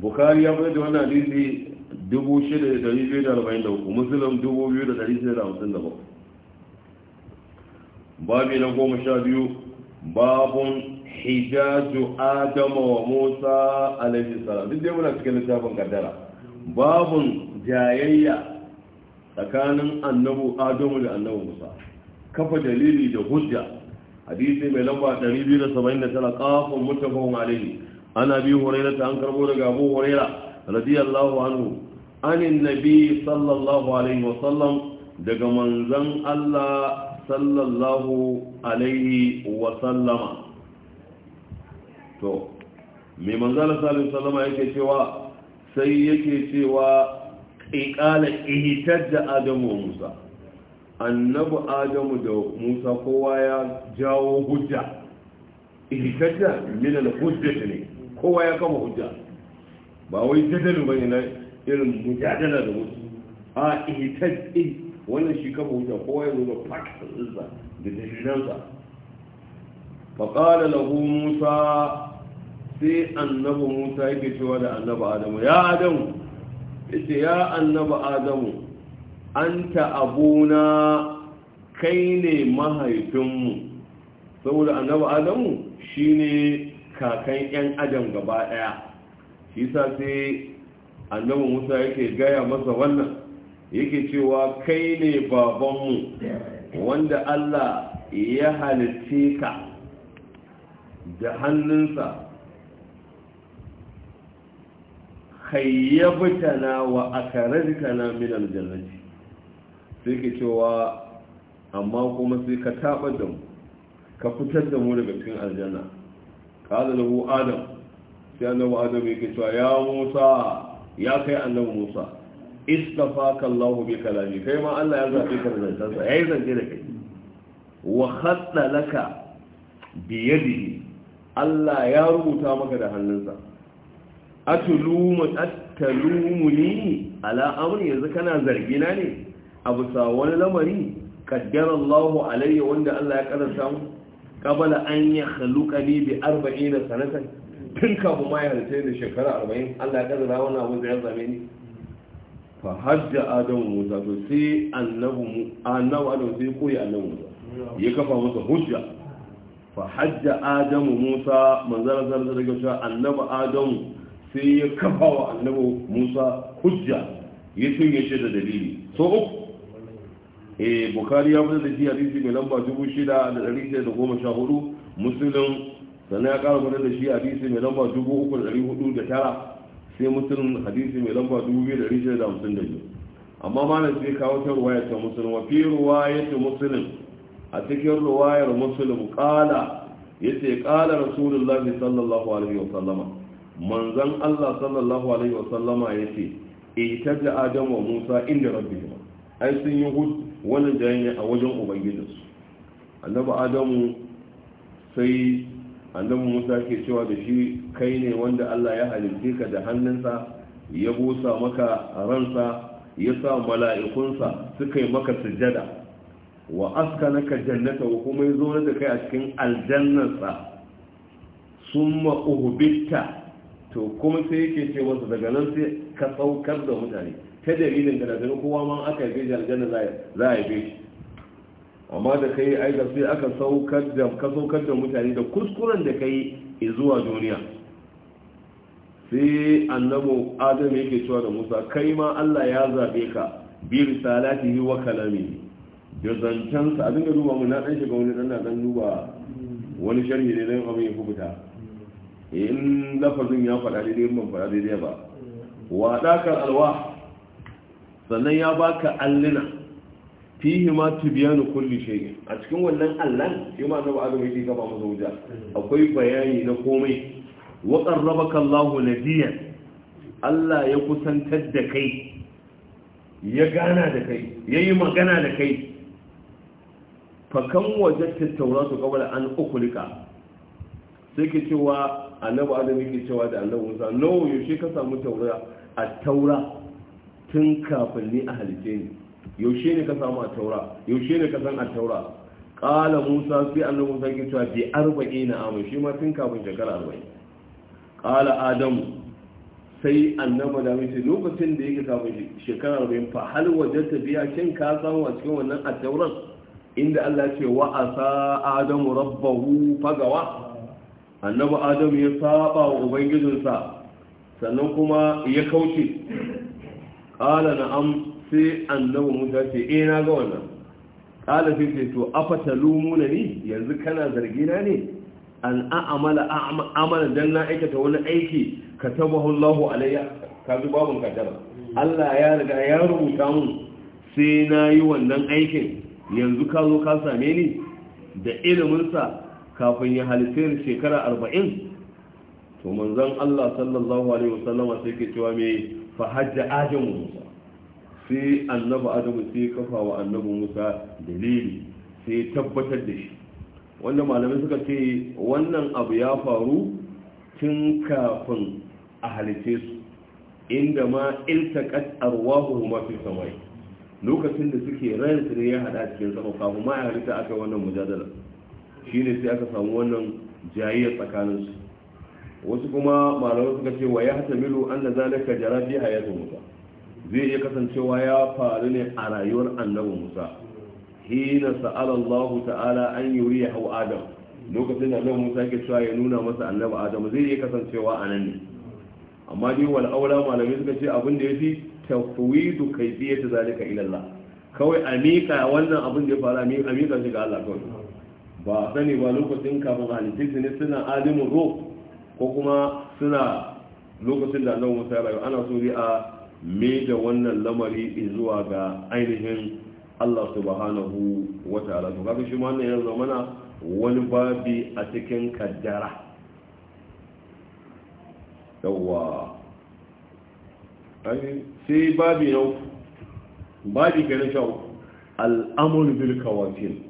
Speaker 1: Bukhari ya bayar da wannan hadisi 6243 Muslim 2657 babi na goma sha biyu babun hijaju adama wa musa alaihi salam duk dai muna cikin littafin kaddara babun jayayya tsakanin annabu adamu da annabu musa kafa dalili da hujja hadisi mai lamba 279 kafin mutafahun alaihi ana bi huraira ta an karbo daga abu huraira radiyallahu anhu anin nabi sallallahu alaihi wasallam daga manzan allah sallallahu alaihi wa sallama to mai manzala salim sallama yake cewa sai yake cewa ƙiƙala ihitar da adamu wa musa annabu adamu da musa kowa ya jawo hujja ihitar da minal hujja ne kowa ya kama hujja ba wai jadalu bane na irin mujadala da wasu a ihitar wannan shi kafa wuta kowa ya zo da fatasinsa da dalilansa faƙala lahu musa sai annaba musa yake cewa da annaba adamu ya adamu yace ya annaba adamu anta abuna kai ne mahaifinmu saboda annaba adamu shi ne kakan yan adam gaba ɗaya shi sa sai annaba musa yake gaya masa wannan yake cewa kai ne babanmu wanda Allah ya halitte ka da hannunsa hayyabtana wa akarartana min aljannati sai ke cewa amma kuma sai ka tabar da mu ka fitar da mu daga cikin aljanna qala lahu adam sai annabi adam yake cewa ya musa ya kai annabi musa istafaka Allah bi kalami kai ma Allah ya zaɓe ka zantar ya yi zance da kai wa khatta laka bi Allah ya rubuta maka da hannunsa atulumu ni ala amri yanzu kana zargina ne abu sa wani lamari kaddara Allah alayya wanda Allah ya karanta mu qabala an ya yakhluqani bi 40 sanatan tun kafin ma ya halitta da shekara 40 Allah ya kaddara wannan abu da ya zame ni fa hajja adamu musa to sai annabi adamu sai koyi annabu musa ya kafa masa hujja fa hajja adamu musa manzara zarar daga cewa annabi adamu sai ya kafa wa annabi musa hujja ya tunye shi da dalili so uku eh bukari ya fitar da shi hadisi mai lamba 6614 muslim sannan ya kara fitar da shi hadisi mai lamba 3409 sai musulun hadisi mai lamba dubu biyu da da da shida hamsin biyu. amma malam sai kawo ta ruwaya ta musulun wa fi ruwaya ta musulun a cikin ruwayar musulun kala ya ce kala rasulullah sallallahu alaihi wa sallama manzan allah sallallahu alaihi wa sallama ya ce ita da adam wa musa inda rabbi ai sun yi hudu wannan jayayya a wajen ubangijinsu annabi adamu sai annabi musa ke cewa da shi kai ne wanda allah ya halitte ka da hannunsa ya busa maka ransa ya sa mala'ikunsa suka yi maka sujada wa askanaka jannata wa kuma ya zo da kai a cikin aljannarsa sun ma'uhubitta to kuma sai yake ce wasu daga nan sai ka saukar da mutane ta dalilin da daga kowa ma aka yi beji aljanna za a yi amma da kai da sai aka saukar da ka saukar da mutane da kuskuren da kai zuwa duniya sai annabo adam yake cewa da musa kai ma allah ya zabe ka bi risalatihi wa kalamihi da sa a dinga duba mu na dan shiga wani dan na dan duba wani sharhi ne dan abin ya kubuta in lafazin ya faɗa daidai ban faɗa daidai ba wa dakar alwa sannan ya baka allina fihi ma tibyanu kulli shay a cikin wannan allan shi ma annabi adam yake gaba masa wuja akwai bayani na komai wa qarrabaka Allahu nadiyan Allah ya kusantar da kai ya gana da kai yayi magana da kai fa kan wajadta tawratu qabla an ukulika sai ke cewa annabi adam yake cewa da Allah Musa no yaushe ka samu taura a taura tun kafin ni a halice ni yaushe ne ka samu a taura yaushe ne ka san a taura qala musa sai annabi musa ke cewa bi na amin shi ma tun kafin shekara arba'in. qala adam sai annabi da mai lokacin da yake kafin shekara 40 fa hal wajadta biya shin ka samu a cikin wannan a tauran inda Allah ya ce wa asa adamu rabbahu fagawa annabi adamu ya saba wa ubangijinsa sannan kuma ya kauce qala na'am sai annabi musa ce eh na ga wannan kala sai ce to afata lumuna ni yanzu kana zargi na ne an a'amala amala dan na aikata wani aiki katabahu Allahu alayya kazu babun kadara Allah ya riga ya rubuta mun sai na yi wannan aikin yanzu ka zo ka same ni da iliminsa kafin ya ni shekara arba'in to manzon Allah sallallahu Alaihi wasallama sai ke cewa mai hajja ajin musa sai annabi adamu sai kafa wa annabi musa dalili sai tabbatar da shi wanda malamai suka ce wannan abu ya faru tun kafin a halice su inda ma iltaqat arwahu ma fi samai lokacin da suke rayar ne ya hada cikin sama kafin ma ya halitta aka wannan mujadala shine sai aka samu wannan jayayya tsakaninsu wasu kuma malamai suka ce wa ya hatamilu anna zalika jara fi hayatihim zai iya kasancewa ya faru ne a rayuwar annabi musa hina sa'ala allahu ta'ala an yuri ya hau adam lokacin da annabi musa ke cewa ya nuna masa annabi adam zai iya kasancewa a nan ne amma dai wal aula malamai suka ce abin da yafi tafwidu kayfiyatu zalika ila Allah kawai a mika wannan abin da ya fara a mika shi ga Allah kawai ba sani ba lokacin kafin halittu ne suna alimin ko kuma suna lokacin da Allah Musa ya rayu ana so a me da wannan lamari zuwa ga ainihin Allah subhanahu wa ta'ala to kaga shi ma wannan ya mana wani babi a cikin kaddara ai sai babi na babi ke na shau al'amur bil kawafin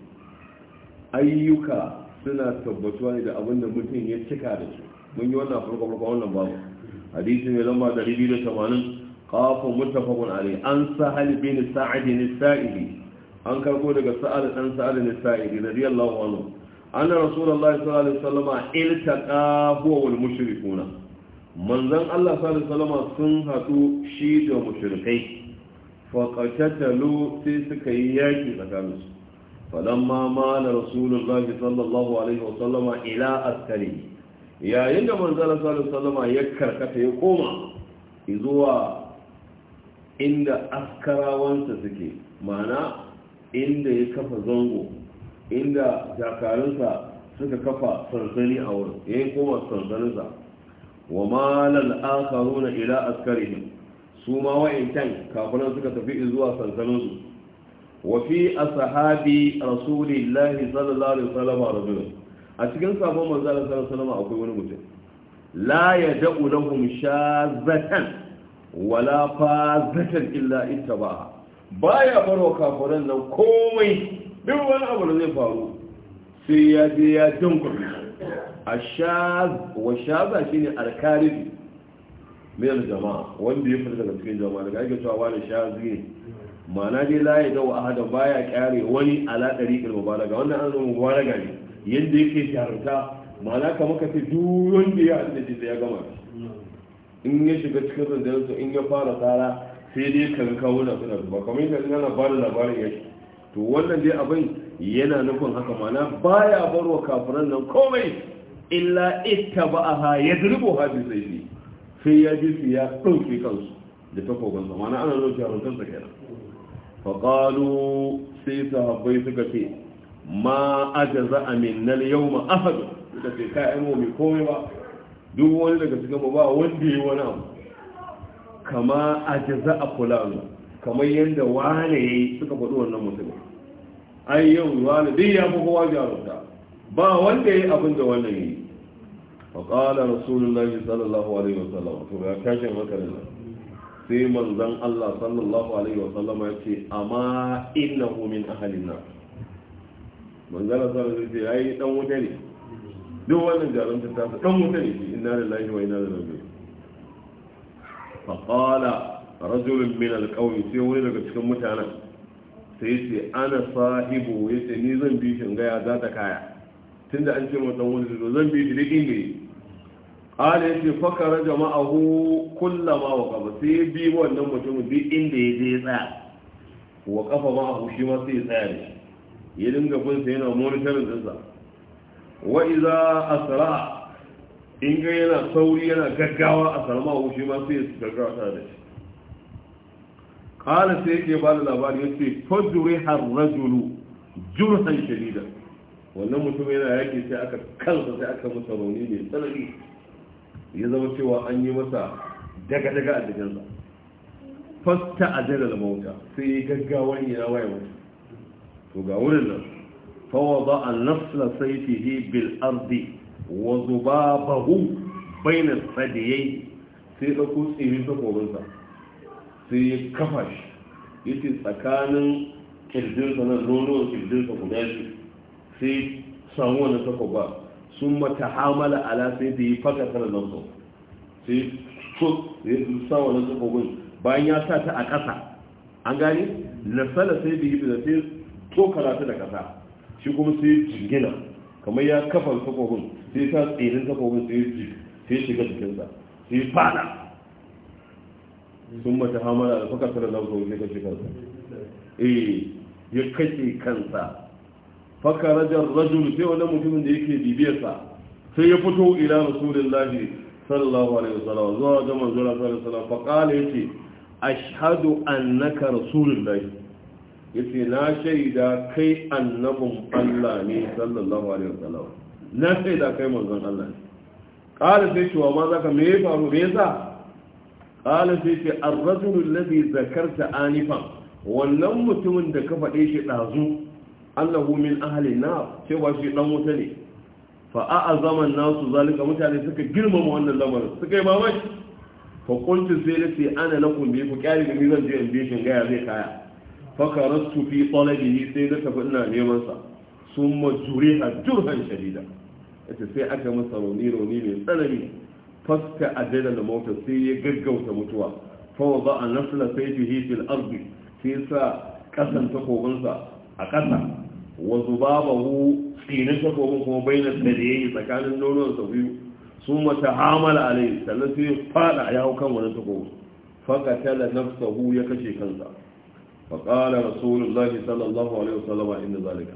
Speaker 1: ayyuka suna tabbatuwa ne da abinda mutum ya cika da su mun yi wannan farko farko wannan babu hadisi mai lamba 280 qafu muttafaqun alayhi an sahal bin sa'd al-sa'id an karbo daga sa'ad dan sa'ad al-sa'id radiyallahu anhu anna rasulullahi sallallahu alayhi wasallam iltaqa huwa wal mushrikuna manzan allah sallallahu alayhi sun hadu shi da mushrikai fa qatatalu sai suka yi yaki tsakanin su falamma ma na rasulullahi sallallahu alayhi wasallam ila askari yayin da manzan sallallahu alayhi wasallam ya karkata ya koma zuwa inda askarawansa suke mana inda ya kafa zango inda jakarunsa suka kafa sansani a wurin ya yi koma sansaninsa wa malal akaru na ila askarihi su ma wa'intan kafinan suka tafi zuwa sansaninsu wa fi ashabi rasulillahi sallallahu alaihi wasallam rajulun a cikin sabon manzo sallallahu alaihi wasallam akwai wani mutum la ya da'u lahum shazatan wala fa zatar illa ittabaha baya baro kafuran nan komai duk wani abu da zai faru sai ya je ya dunkule ashaz wa shaza shine alkarib mai jama'a wanda ya fita daga cikin jama'a daga ake cewa wani shazi ne ma'ana dai la ya wa ahadan baya kyare wani ala ba. mubalaga wannan an zo mubalaga ne yadda yake shaharta ma'ana kamar ka ce duk wanda ya haddace da ya gama in ya shiga cikin rundunar in ya fara tsara sai dai ka ga kawo na suna zuba kamar yadda yana ba da labarin yaki to wannan dai abin yana nufin haka mana baya wa kafiran nan komai illa ita ba a haya ya zirbo ha bi sai sai ya ji su ya ɗauke kansu da kogon sa mana ana zuwa jarumtar sa kenan faƙalu sai sahabbai suka ce ma ajaza a minnal yau ma ahadu suka ce ka yi komai ba duk wani daga cikin ba wanda ya wani abu kama a jaza a fulano kamar yadda wane ya yi suka faɗi wannan mutumin ai yau wane dai ya fi kowa jarumta ba wanda ya yi abin da wannan ya yi فقال رسول sallallahu alaihi wa sallam to فما كاش makarin الله sai manzon Allah sallallahu alaihi wasallam ya ce amma innahu min ahlin nar manzon Allah sallallahu alaihi wasallam ya yi ɗan dan wuta ne duk wannan jarumta ta dan wuta ne inna lillahi wa inna ilaihi raji'un fa qala rajulun min alqawmi sai wani daga cikin mutanen sai yace ana sahibu yace ni zan bi shi ga ya zata kaya tunda an ce mu dan wani zan bi shi duk inda qala yace fa kara jama'ahu kullama wa kafa sai bi wannan mutumin bi inda ya je ya tsaya wa kafa abu shi ma sai ya tsaya ne ya dinga bin sa yana monitoring sa wa idza asra in ga yana sauri yana gaggawa a salama wuce ma sai ya gaggawa ta da shi kala sai yake ba da labari ya ce har rajulu jurhan shadida wannan mutum yana yaki sai aka kansa sai aka masa rauni mai tsanani ya zama cewa an yi masa daga-daga a jikinsa fasta a jalal mauta sai ya gaggawa ya waya mutu to ga wurin nan fawa ba a nafsa saifihi bil ardi wa zubabahu baina sadiyai sai dauko tsirin takobinsa sai ya kafa shi yace tsakanin kirjinsa na nono kirjinsa guda shi sai samu wannan takoba sun mata hamala ala sai da yi faka sanar nan sau sai sa wannan takobin bayan ya sa ta a ƙasa an gani nasala sai da yi da sai tsokara ta da ƙasa shi kuma sai jingina kamar ya kafa takobin sai ta tsirin takobin sai sai shiga jikinsa sai fada sun mata hamala da suka tara zauka wuce ka kansa eh ya kashe kansa fakarajar rajul sai wani mutumin da yake bibiyarsa sai ya fito ila rasulullahi sallallahu alaihi wasallam zuwa ga manzo Allah sallallahu alaihi wasallam faqala yace ashhadu annaka rasulullahi yace na shaida kai annabin Allah ne sallallahu alaihi wasallam na sai da kai manzon Allah ne qala sai cewa ma zaka me ya faru me yasa qala sai ce ar-rajul alladhi zakarta anifa. wannan mutumin da ka faɗe shi dazu annahu min ahli nar cewa shi dan wuta ne fa a'azama an-nasu zalika mutane suka girmama wannan lamarin suka yi mamaki fa qultu sai nace ana lakum bi ku kyari da ni zan je in bi shin gaya zai kaya fa karastu fi talabihi sai na tafi ina neman sa sun majuri a jurhan shadida yace sai aka masa rauni rauni mai tsanani fasta ajala da mota sai ya gaggauta mutuwa fa wada an nasla sayfihi fil ardi sai sa kasan takobinsa a kasa wa zubabahu tsinin takobin kuma bainar da yayi tsakanin nonon sa biyu sun mata hamala alai sannan sai fada ya hau kan wani takobin fakatala nafsahu ya kashe kansa فقال رسول الله صلى الله عليه وسلم إن ذلك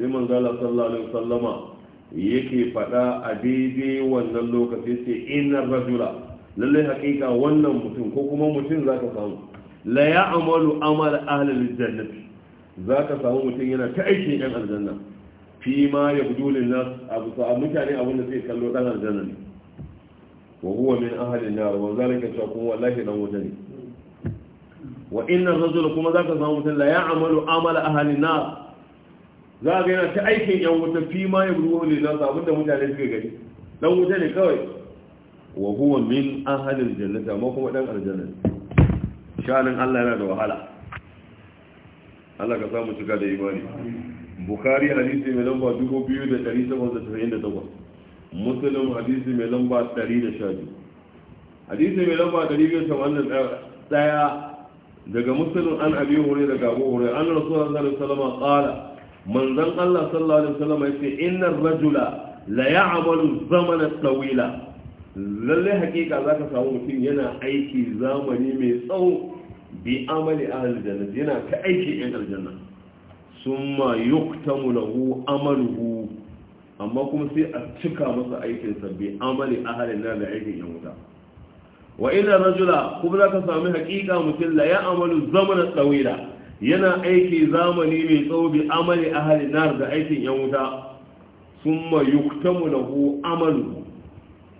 Speaker 1: sai manzala sallallahu alaihi wasallama yake faɗa a daidai wannan lokaci sai inna rajula lallai hakika wannan mutum ko kuma mutum zaka samu la ya'malu amal ahli jannati zaka samu mutum yana ta aikin yan aljanna fi ma ya budulin nas abu sa mutane abin da sai kallo dan aljanna ne wa huwa min ahli an-nar wa zalika shakun wallahi dan wuta ne wa inna rajula kuma zaka samu mutum la ya'malu amal ahli an-nar za a yana ta aikin yan wuta fi ma ya buru wani nasa abinda mutane suke gani dan wuta ne kawai wa huwa min ahalin jannata ma kuma dan aljanna shanin Allah yana da wahala Allah ka samu cika da imani Bukhari hadisi mai lamba 2798 Muslim hadisi mai lamba 112 hadisi mai lamba 281 daga Muslim an abi hore daga abu hore an rasulullah sallallahu alaihi wasallam qala manzon Allah sallallahu alaihi wasallam yace innar rajula la ya'malu zamana tawila lalle hakika zaka samu mutum yana aiki zamani mai tsawo bi amali ahli janna yana ka aiki ɗan aljanna summa yuktamu lahu amaluhu amma kuma sai a cika masa aikinsa bi amali ahli na da aikin yan wuta wa ina rajula kuma zaka samu hakika mutum la ya'malu zamana tawila yana aiki zamani mai tsawo bi amali ahli nar da aikin yan wuta sun summa yuktamu lahu amalu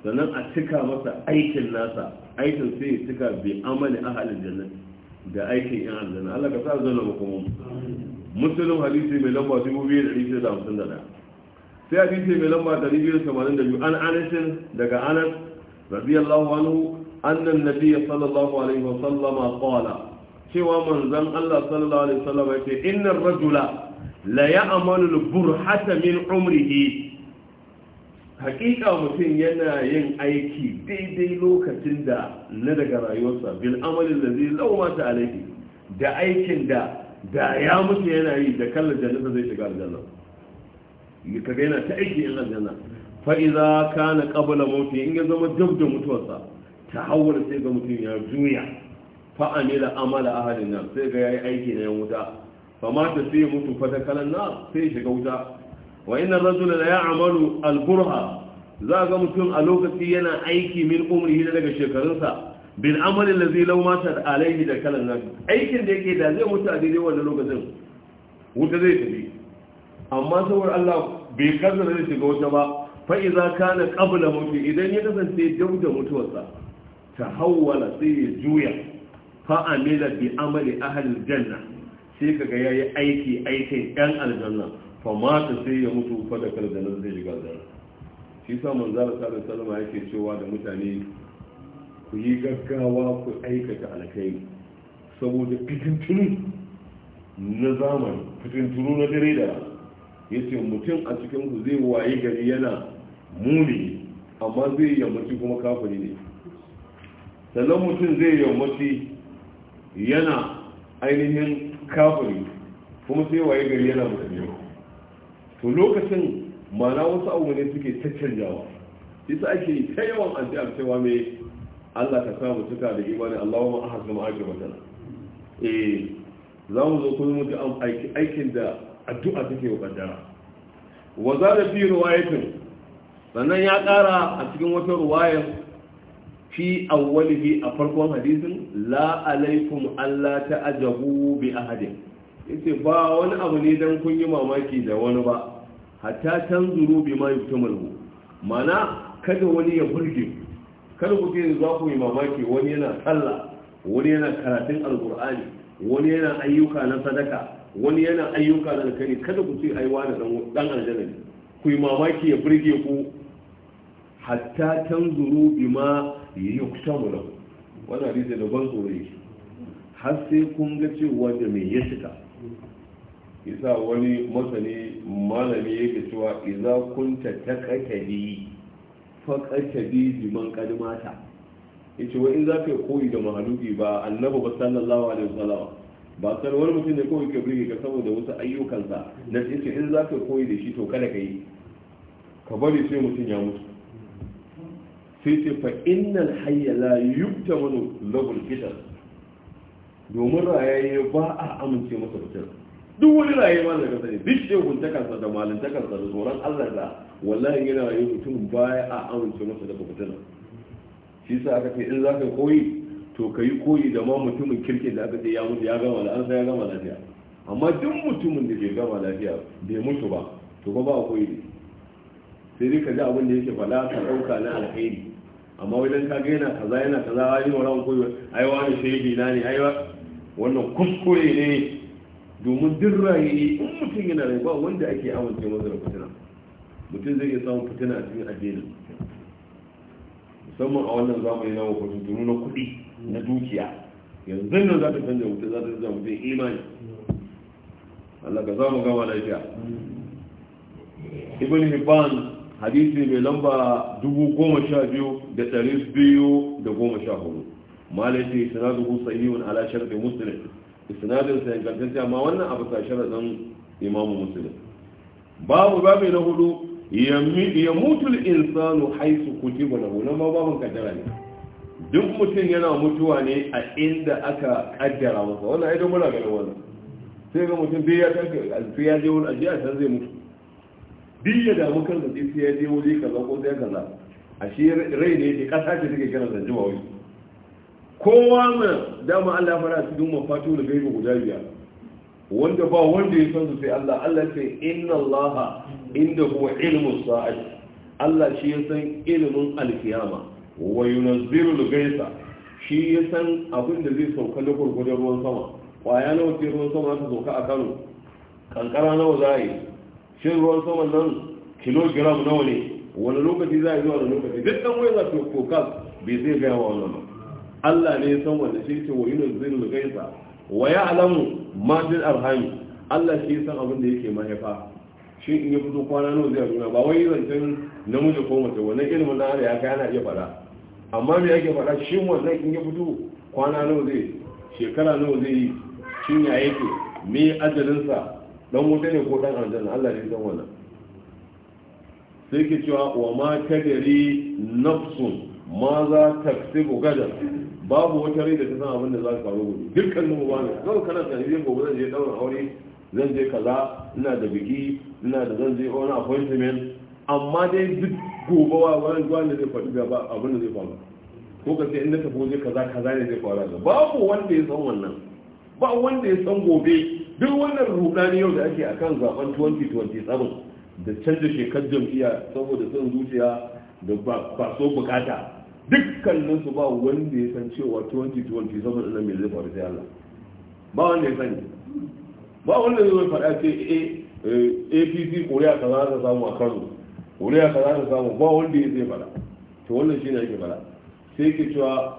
Speaker 1: sannan a cika masa aikin nasa aikin sai ya cika bi amali ahli jannati da aikin yan aljanna Allah ka sa aljanna mu kuma Musulun hadisi mai lamba 2251 sai hadisi mai lamba 282 an Anasin daga anas radiyallahu anhu Annan an-nabiy sallallahu alaihi wa sallama qala cewa manzon Allah sallallahu alaihi wasallam ya ce innar rajula la ya'malu burhata min umrihi hakika mutum yana yin aiki daidai lokacin da na daga rayuwarsa bil amalin da zai laumata alaihi da aikin da da ya mutu yana yi da kallon jannata zai shiga aljanna yana ta aiki in aljanna fa idza kana qabla mauti in ya zama dab da mutuwarsa tahawwala sai ga mutum ya juya fa'amila amala halin nan sai ga yayi aiki na yan wuta fama ta sai mutu fata kalan na sai shiga wuta wa inna rajula la ya'malu al-burha za ga mutum a lokaci yana aiki min umrihi daga shekarunsa amalin da zai law mata alayhi da kalan nan aikin da yake da zai mutu a daidai wannan lokacin wuta zai tafi amma saboda Allah bai kaza da shiga wuta ba fa iza kana qabla mutu idan ya kasance dauda mutuwarsa tahawwala sai ya juya fa'amila bi amali ahalin janna sai kaga ya yi aiki aikin 'yan aljanna fa mata sai ya mutu fadakar da nan zai shiga aljanna shi sa manzara sallallahu salama yake cewa da mutane ku yi gaggawa ku aikata alkai saboda fitintunu na zamani fitintunu na dare da ya mutum a cikin ku zai waye gari yana muni amma zai yammaci kuma kafiri ne sannan mutum zai yammaci yana ainihin kafiri kuma sai waye gari yana musulmi to lokacin mana wasu abu ne suke caccanjawa isa ake ta yawan addua cewa mai Allah ka samu cika da imani Allahumma ahzam aqibatana eh za mu zo kuma mutu an aiki aikin da addu'a take wa kaddara wa da fi sannan ya kara a cikin wata ruwayar
Speaker 2: fi awwalihi a farkon hadisin la alaikum Allah ta ajabu
Speaker 1: bi ahadin yace ba wani abu ne dan kun yi mamaki da wani ba hatta tanzuru bi ma yuktamalhu mana kada wani ya burge kada ku ce za ku yi mamaki wani yana sallah wani yana karatun alqur'ani wani yana ayyuka na sadaka wani yana ayyuka na alkhairi kada ku ce ai wani dan aljanna ku yi mamaki ya burge ku hatta tanzuru bima yuktamu lahu wannan hadisi da ban tsoro yake har sai kun ga cewa da me ya shiga isa wani masani malami yake cewa idza kunta taqatali faqatali biman kadmata yace wa in zaka koyi da mahaluki ba annabi ba sallallahu alaihi wasallam ba sai wani mutum ne kawai ka burge saboda wasu ayyukansa na yace in zaka koyi da shi to kada ka yi ka bari sai mutum ya mutu sai ce fa innal hayya la yuktamanu lahu al-fitar domin rayaye ba a amince masa fitar duk wani rayaye ma daga sani duk shehun ta kansa da malin ta kansa da tsoron Allah da wallahi yana rayuwa mutum baya a amince masa daga fitar shi sa aka ce in za ka koyi to ka yi koyi da ma mutumin kirki da aka ce ya mutu ya gama da an sai ya gama lafiya amma duk mutumin da bai gama lafiya bai mutu ba to ba ba koyi sai dai ka ji abin da yake bala ka dauka na alheri amma wajen ka ga yana kaza yana kaza a yi wani koyo ai wani shaidi na ne ai wannan kuskure ne domin duk rayi in mutum yana rai ba wanda ake amince masa da fitina mutum zai iya samun fitina a cikin addinin musamman a wannan zamani na wakwato domin na kuɗi na dukiya yanzu nan za ta canza mutum za ta canza mutum imani Allah ka za mu gama lafiya ibn hibban hadisi mai lamba dubu goma sha biyu da ɗari biyu da goma sha hudu malai ce isnadu hu wani ala da musulun sinadun sa ingantacce amma wannan abu ta don imamu muslim babu babu na hudu ya mutu insanu haisu kuti wani nan ma babun kaddara ne duk mutum yana mutuwa ne a inda aka kaddara masa wannan ai don muna ganin wannan sai ga mutum bai ya tafi a ya je wurin zai mutu duk ya damu kan zai sai ya je waje ka zaɓo sai za a shi rai ne da kasa ce suke kira zanji ba wai kowa ma dama Allah fara su duma fatu da gaibu guda biyar wanda ba wanda ya san su sai Allah Allah sai inna Allah inda huwa ilmu Sa'ad, Allah shi ya san ilimin alkiyama wa yunazziru al-ghaitha shi ya san abin da zai sauka na gurgurdan ruwan sama kwaya nawa ke ruwan sama su sauka a Kano kankara nawa za a yi shin ruwan saman nan kilogram nawa ne wani lokaci za a yi zuwa da lokaci duk dan wai za su kokas bai zai gaya wa wannan Allah ne ya san wanda shi ce wa yunus zin gaisa wa ya alamu matin arhami Allah shi ya san abin da yake mahaifa shi in ya fito kwana nawa zai nuna ba wai zancen namiji ko mace wannan ilimin na da ya kai ana iya faɗa amma me yake faɗa shi wannan in ya fito kwana nawa zai shekara nawa zai yi shin ya yake me ajalinsa dan wuta ne ko dan aljanna Allah ne san wannan sai ke cewa wa ma kadari nafsun ma za ta tsibu gadar babu wata rai da ta san abin da za ka faru gobe dukkanin mu ba ne zan kana da zai gobe zan je daurin aure zan je kaza ina da biki ina da zan je wani appointment amma dai duk gobe wa wani zuwa ne zai faɗi gaba abin da zai faru ko ka sai inda tafi waje kaza kaza ne zai faru babu wanda ya san wannan ba wanda ya san gobe duk wannan rudani yau da ake akan zaben 2027 da canza shekar jam'iyya saboda son zuciya da ba so bukata dukkanin su ba wanda ya san cewa 2020 saboda nan mai zai faru sai Allah ba wanda ya sani ba wanda zai faɗa ce eh, eh, APC Koriya kaza ta samu a Kano Koriya kaza ta samu ba wanda ya zai faɗa to wannan shine yake faɗa sai ke cewa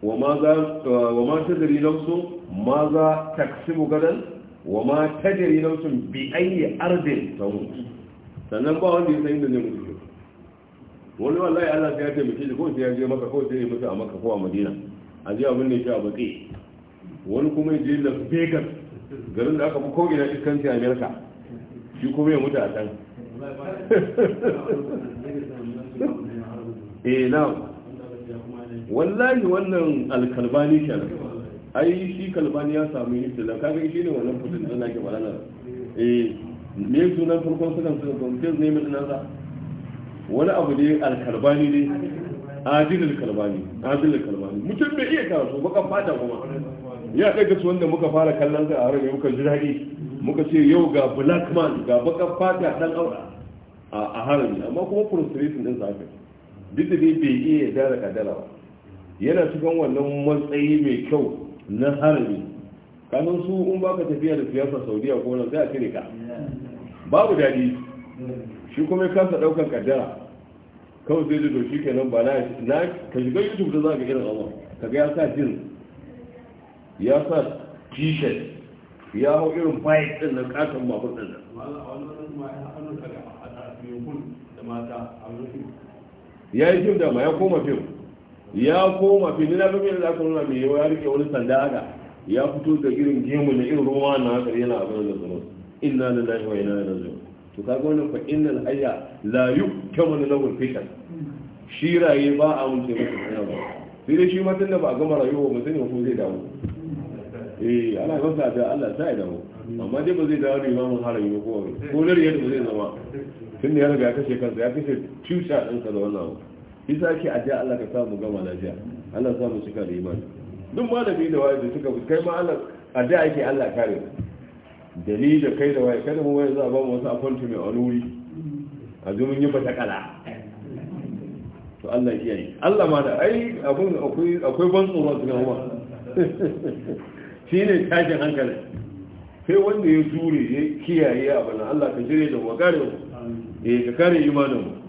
Speaker 1: wa ma za wa ma tadri nafsu ma za taksibu wa ma tajri nafsun bi ayyi sannan ba wanda ya san da zai mutu wani wallahi Allah sai ya taimake shi ko sai ya je maka ko sai ya mutu a maka ko a Madina a je abin da ya sha baki wani kuma ya je Las Vegas garin da aka fi ko ina iskanci a shi kuma ya mutu a can eh na wallahi wannan alkalbani kenan ai shi kalban ya samu ibtila kaga shi ne wannan fitin da nake magana eh me sunan farkon sukan suka confuse ne mai dinansa wani abu ne alkalbani ne adil alkalbani adil alkalbani mutum bai iya karatu kan fata kuma ya kai su wanda muka fara kallon sa a rage muka ji daɗi muka ce yau ga black man ga baka fata dan aura a harami amma kuma frustration din sa haka duk da bai iya dara kadara ba yana cikin wannan matsayi mai kyau na harami kanin su in baka tafiya da siyasa saudiya ko nan sai a kirika. babu daɗi shi kuma kasa ɗaukar kaddara kawai zai jido shi kenan ba na ka shiga youtube da za ka irin abu ka ga ya sa jin ya sa t-shirt ya hau irin bayan ɗin na katon babur ɗin nan ya yi fim da ma ya koma fim ya koma fili na gabe da aka mai yau ya rike wani sanda haka ya fito da irin gemu da irin ruwa na haka yana abin da zama inna lillahi wa ina da zuwa to kaga wannan fa innal hayya la yukamu da al-fitan shi raye ba a wuce masa ba sai dai shi ma tunda ba a gama rayuwa ba sai ne ko zai dawo eh ana gasa da Allah sai dawo amma dai ba zai dawo da imamin yi ko ko da yadda ba zai zama tunda ya riga ya kashe kansa ya kashe tuta ɗinsa da wannan abu isa ake ajiya Allah ka samu gama lafiya Allah samu cika da imani duk malami da waye da suka kai ma Allah ajiya ake Allah kare da ni da kai da waye kada mu waye za a ba mu wasu appointment mai aluri a zo yi yi kala to Allah ya yi Allah ma da ai abun akwai akwai ban tsoro su kuma shine tajin hankali sai wanda ya jure ya kiyaye abana Allah ka jire da mu kare mu eh ka kare imanin mu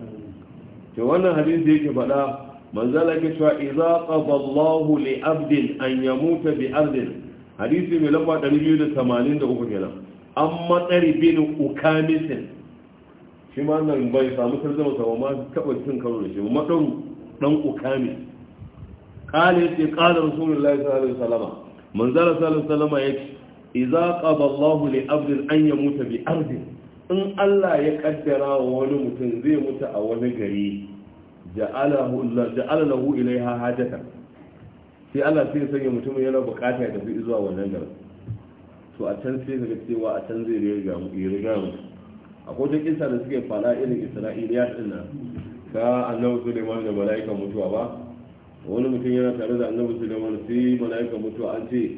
Speaker 1: to wannan hadisi yake faɗa manzala ke cewa idza qada Allahu li 'abdin an yamuta bi ardin hadisi mai lamba 283 kenan amma tsari bin ukamisin shi ma nan bai samu tarjuma sa ma taɓa cin karo da shi ma dan dan ukami kale ce kala rasulullahi sallallahu alaihi wasallam manzala sallallahu alaihi wasallam yake idza qada Allahu li 'abdin an yamuta bi ardin in Allah ya kaddara wa wani mutum zai mutu a wani gari ja'ala lahu ilaiha hajata sai Allah sai sanya mutum yana bukata ya tafi zuwa wannan garin to a can sai ga cewa a can zai riga mu riga mu akwai wata kisa da suke fara irin Isra'iliya din nan ka annabi Sulaiman da malaika mutuwa ba wani mutum yana tare da annabi Sulaiman sai malaika mutuwa an ce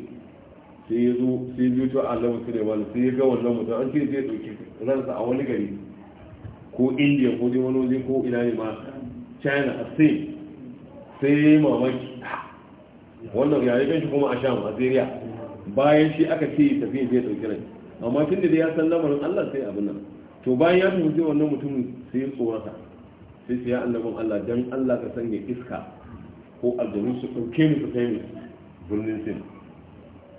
Speaker 1: sai ya zo sai biyu to Allah mutu da wani sai ya ga wannan mutum an ce zai dauki ransa a wani gari ko India ko dai wani waje ko ina ne ma China a sai sai ya yi mamaki wannan ya yi ganshi kuma a Sham a Syria bayan shi aka ce tafi zai dauki rai amma tun da ya san lamarin Allah sai abin nan to bayan ya tafi wannan mutumin sai ya tsorata sai sai ya annabin Allah dan Allah ka sanya iska ko aljanu su dauke ni su kai ni birnin Sin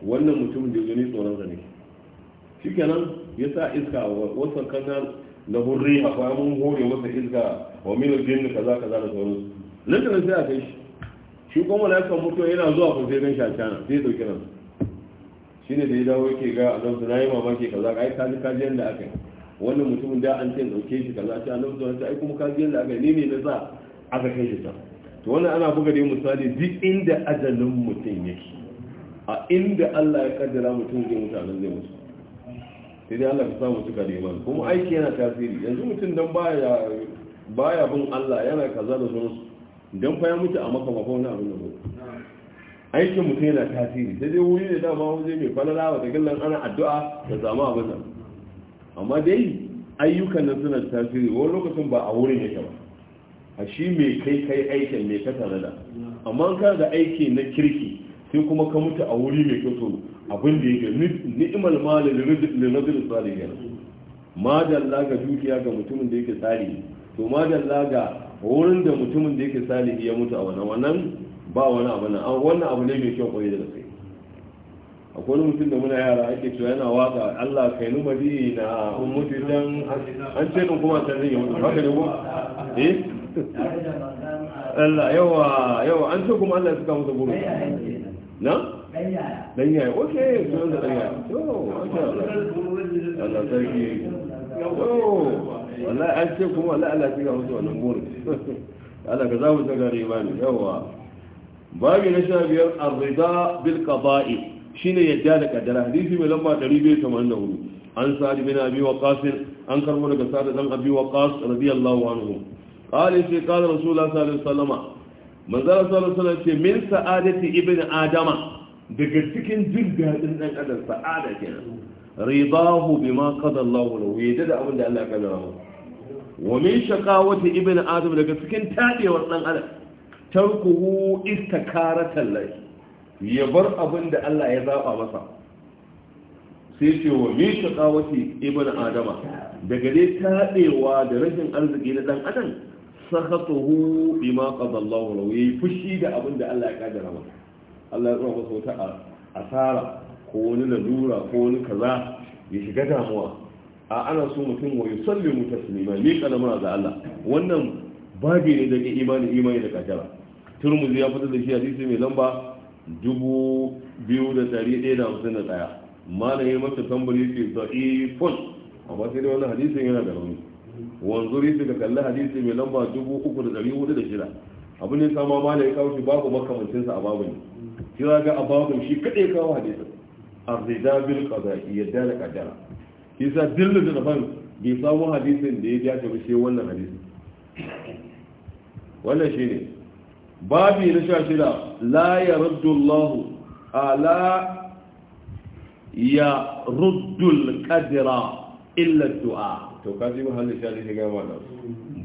Speaker 1: wannan mutum da gani tsoron sa ne shikenan ya sa iska wasu kanar na hurri a kwamun hore wasu iska wa milar jini kaza kaza da sauransu nan da sai a kai shi shi kuma na kan mutuwa yana zuwa kun sai shi a cana sai dauki nan shi ne da ya dawo yake ga a zamsu na yi mamaki kaza yi kaji kaji yadda aka yi wannan mutumin da an ce dauke shi kaza sai a nan zuwa ai kuma kaji yadda aka yi ne ne na sa aka kai shi ta to wannan ana buga dai misali duk inda ajalin mutum yake a inda Allah ya kaddara mutum zai mutu nan zai mutu sai dai Allah ka samu suka da imani kuma aiki yana tasiri yanzu mutum dan baya baya bin Allah yana kaza da sunansu dan fa ya mutu a maka mafa wani abin da ba aikin mutum yana tasiri sai dai wuri da dama waje mai falala ba ta gillan ana addu'a da samu abin nan amma dai ayyukan nan suna tasiri wani lokacin ba a wurin yake ba a shi mai kai kai aikin mai ka tare da amma kana da aiki na kirki sai kuma ka mutu a wuri mai kyoto abin da yake ni'mal mali lil tsari salih ma dalla ga dukiya ga mutumin da yake tsari to ma dalla ga wurin da mutumin da yake tsari ya mutu a wannan wannan ba wani abu na wannan abu ne mai kyau kwaye da gaske akwai mutum da muna yara ake cewa yana waka Allah kai ni madina in mutu dan an ce din kuma san ya mutu haka ne ko eh Allah yawa yawa an ce kuma Allah ya saka musu gurin na? ɗanyaya ɗanyaya ok sunan da ɗanyaya to oh, masha Allah sarki yawo wallahi an ce kuma wallahi Allah ya wasu wannan burin Allah ka za mu saka da imani yawa babu na sha biyar a arrida bil Shi ne yadda da kaddara hadisi mai lamba 284 an sa'ad bin abi waqas an karbo daga sa'ad dan abi waqas radiyallahu anhu qala sai qala rasulullah sallallahu alaihi wasallam manzara sallallahu alaihi ce min sa'adati ibn adama daga cikin jin daɗin ɗan adam sa'ada kenan ridahu bima qada Allah lahu yadda da abin da Allah ya kaddara masa wa min shaqawati ibn adam daga cikin tadewar ɗan adam tarkuhu istakaratan lahi ya bar abin da Allah ya zaba masa sai ce wa min shaqawati ibn adama daga dai tadewa da rashin arziki na ɗan adam sakhatuhu bima qada Allahu lahu yi fushi da abin da Allah ya kaddara masa Allah ya tsora masa wata asara ko wani lalura ko wani kaza ya shiga damuwa a ana so mutum wa yusallimu taslima ni kalama ga Allah wannan babi ne daga imani imani da kaddara turmuzi ya fitar da shi hadisi mai lamba 2151 malaye masa tambari ke da'ifun amma sai dai wannan hadisin yana da rauni Wanzu rufe da kalli hadisi mai lamba dubu uku da dari hudu da shida abin da sama ma ya kawo shi babu makamancinsa a babu ne kira ga a shi kaɗai kawo hadisin arzida bil qada'i yadda da qadara kisa dillu da daban bai samu hadisin da ya dace ba sai wannan hadisi wannan shi ne babi na sha shida la yaruddu allahu ala ya ruddul qadra illa du'a to ka ji mahallin shali ne gama nan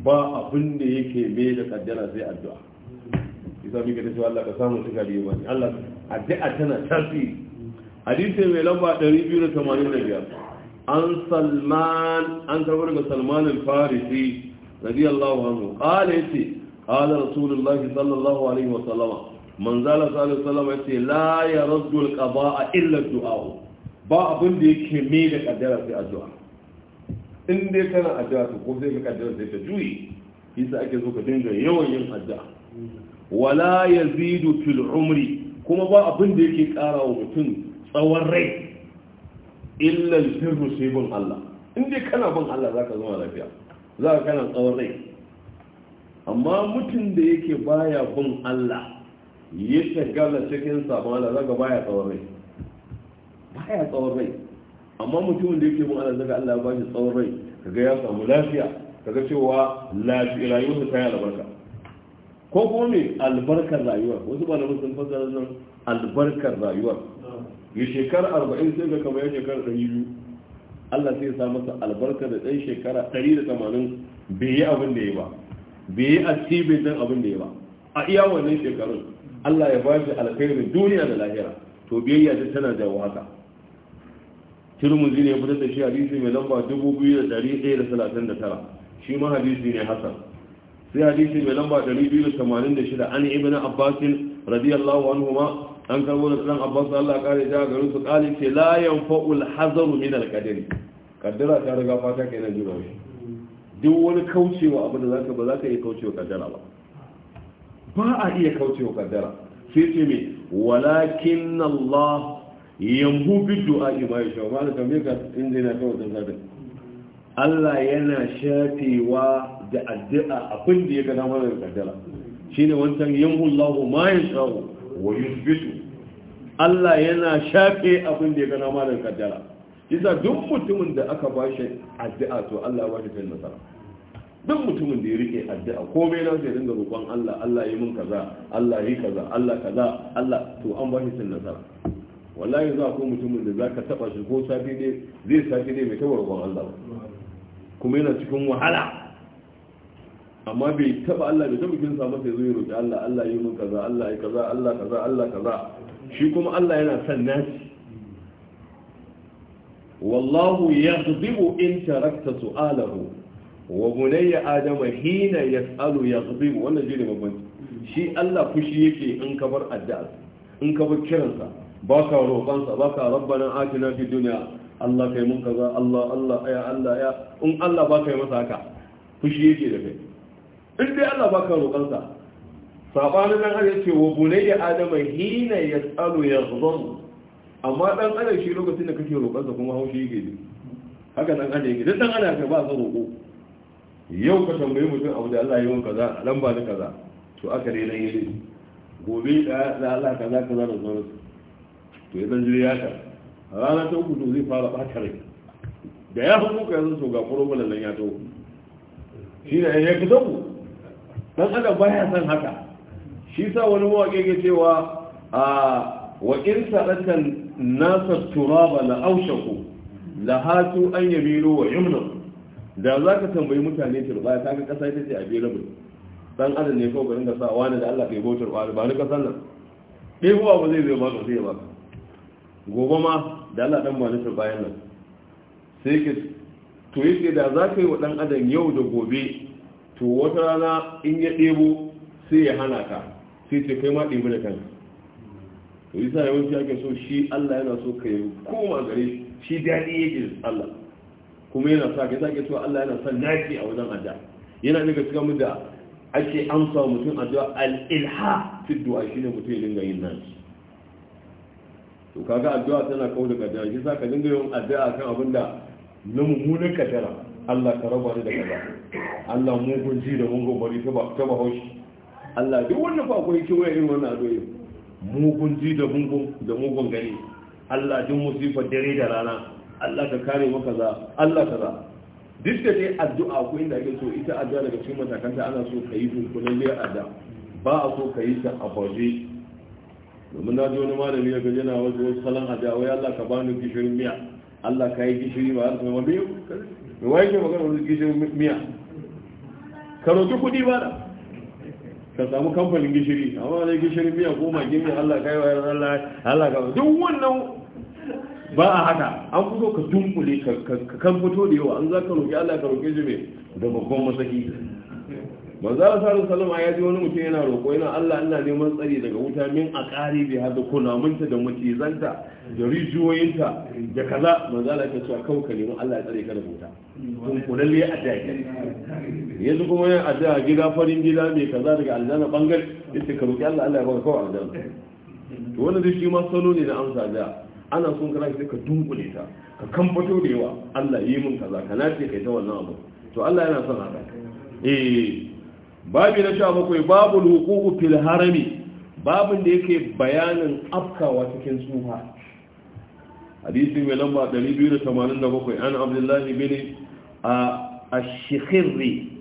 Speaker 1: ba abin da yake me da kaddara sai addu'a isa mi ka cewa Allah ka samu cika da yawa Allah addu'a tana tasiri hadisi mai lamba 285 an salman an karbar daga salman al-farisi radiyallahu anhu qala yace qala rasulullahi sallallahu alaihi wa sallama man zala sallallahu alaihi wa sallama yace la yaraddu al-qada'a illa ad-du'a ba abin da yake me da kaddara sai addu'a in dai kana addu'a to ko zai ka kaddara sai ta juyi yasa ake so ka dinga yawan yin addu'a wala yazidu fil umri kuma ba abin da yake kara wa mutum tsawon rai illa albirru sai bin Allah in dai kana bin Allah zaka zama lafiya zaka kana tsawon rai amma mutum da yake baya bin Allah ya shagala cikin sabon Allah zaka baya tsawon rai baya tsawon rai amma mutumin da yake bin Allah daga Allah ya bashi tsawon rai kaga ya samu lafiya kaga cewa lafiya rayuwarsa ta yi albarka ko kuma me albarkar rayuwa wasu malamai sun fassara nan albarkar rayuwa ya shekara arba'in sai ga kamar ya shekara ɗari biyu Allah sai ya sa masa albarka da ɗan shekara ɗari da tamanin bai yi abin da ya ba bai yi a cibin dan abin da ya ba a iya wannan shekarun Allah ya ba shi alkhairin duniya da lahira to biyayya ta tana jawo haka tirmizi ne ya fitar da shi hadisi mai lamba 2139 shi ma hadisi ne hasan sai hadisi mai lamba 286 an ibn abbas radiyallahu anhuma an karbo da dan abbas Allah kare ja garin su kali ce la yanfa'ul hazaru min al-qadar kaddara ta riga fata kenan na jira shi duk wani kaucewa abu da zaka ba zaka iya kaucewa kaddara ba ba a iya kaucewa kaddara sai ce me walakin Allah yambu bi a ima yasha ma da tambaye ka in na kawo zanzadin Allah yana shafewa da addu'a abin da ya gada mana da kaddara shine wancan yambu Allah ma yasha wa yuthbitu Allah yana shafe abin da ya gada mana da kaddara yasa duk mutumin da aka bashi addu'a to Allah ya bashi kai nasara duk mutumin da ya rike addu'a komai na sai dinga roƙon Allah Allah yi min kaza Allah yi kaza Allah kaza Allah to an bashi cin nasara wallahi za ko mutumin da za ka taba shi ko safi ne zai safi ne mai tawarwa Allah kuma yana cikin wahala amma bai taba Allah bai taba kin samu sai zai roƙi Allah Allah yi min kaza Allah yi kaza Allah kaza Allah kaza shi kuma Allah yana son nasi wallahu yaghdibu in tarakta su'alahu wa bunayya adama hina yas'alu yaghdibu wannan jini babban shi Allah fushi yake in ka bar addu'a in ka bar kiransa Baka ka roƙonsa ba ka rabbana atina fi duniya Allah kai mun kaza Allah Allah ya Allah ya in Allah ba yi masa haka fushi yake da kai in dai Allah ba ka roƙonsa sabanin nan ana ce wa bunayya adama hina ya yaghdamu amma dan adam shi lokacin da kake roƙonsa kuma haushi yake ji haka dan adam yake dan adam ka ba sa roƙo yau ka tambayi mutum abu da Allah ya yi mun kaza lamba ni kaza to aka ne nan yi gobe da Allah kaza kaza da sauransu to ya ɗan ya sha a rana ta uku zai fara ɓata rai da ya hannu ka yanzu ga ƙorobalan nan ya hukutu shi da eh, ya fi taho don adam ba ya san haka shi sa wani mawaƙi ke cewa a ah, wa in saɗantar nasa turaba na aushaku la hatu an yamilo wa yumna da za ka tambayi mutane turba ta ga ƙasa ita ce a biyu rabin adam ne kawai ka rinka sa wani da allah ka yi bautar ba ni ƙasar nan ɗaya ba zai zai ba ka zai ba ka gobe ma da Allah dan malifa bayan nan sai ke to yake da za ka yi wa dan adam yau da gobe to wata rana in ya ɗebo sai ya hana ka sai ce kai ma ɗebi da kan to yi sa yawanci ake so shi Allah yana so ka yi koma gare shi shi daɗi yake Allah kuma yana sa ka yi ake so Allah yana son naki a wajen adda yana daga cikin da ake amsa mutum addu'a al-ilha fi du'a shine mutum ya dinga yin naki to kaga addu'a tana kawo da kaddara shi sa ka dinga yin addu'a kan abin da na mummunan kaddara Allah ka raba ni da kaza Allah mugun ji da mugun bari ta ba ta bahaushi Allah duk wannan fa akwai ki irin wannan addu'a mugun ji da mugun da mugun gani Allah duk musifar dare da rana Allah ka kare mu kaza Allah kaza duk da dai addu'a ko inda ake so ita addu'a daga cikin matakan da ana so ka yi dunkulen addu'a ba a so ka yi ta a baje domin na ji wani malami ya gaji yana wasu wasu salon hajja wai Allah ka bani gishirin miya Allah ka yi gishiri ba Allah ma biyu mai wa yake magana wasu gishirin miya ka roƙi kuɗi ba da ka samu kamfanin gishiri amma ne gishirin miya ko ma gimi Allah ka yi wa Allah Allah ka duk wannan ba a haka an fito ka dunkule ka kan fito da yawa an za ka roƙi Allah ka roƙi shi me da babban masaki manzo Allah sallallahu alaihi ya ji wani mutum yana roƙo yana Allah ina neman tsari daga wuta min a aqari bi hada kunamunta da mutizanta da rijiyoyinta da kaza manzo Allah ya ce kau ka nemi Allah ya tsare ka da wuta kun kulalle a dake yanzu kuma yana addu'a gida farin gida mai kaza daga aljanna bangal yace ka roki Allah Allah ya baka kawai aljanna to wannan zai shi ma salo ne da amsa da ana son kana ka dunkule ta ka kambato da yawa Allah yi min kaza kana ce kai ta wannan abu to Allah yana son haka eh babi na sha bakwai babu hukuku fil harami babin da yake bayanin afkawa cikin tsufa hadisi mai lamba 287 an abdullahi bin a ashikirri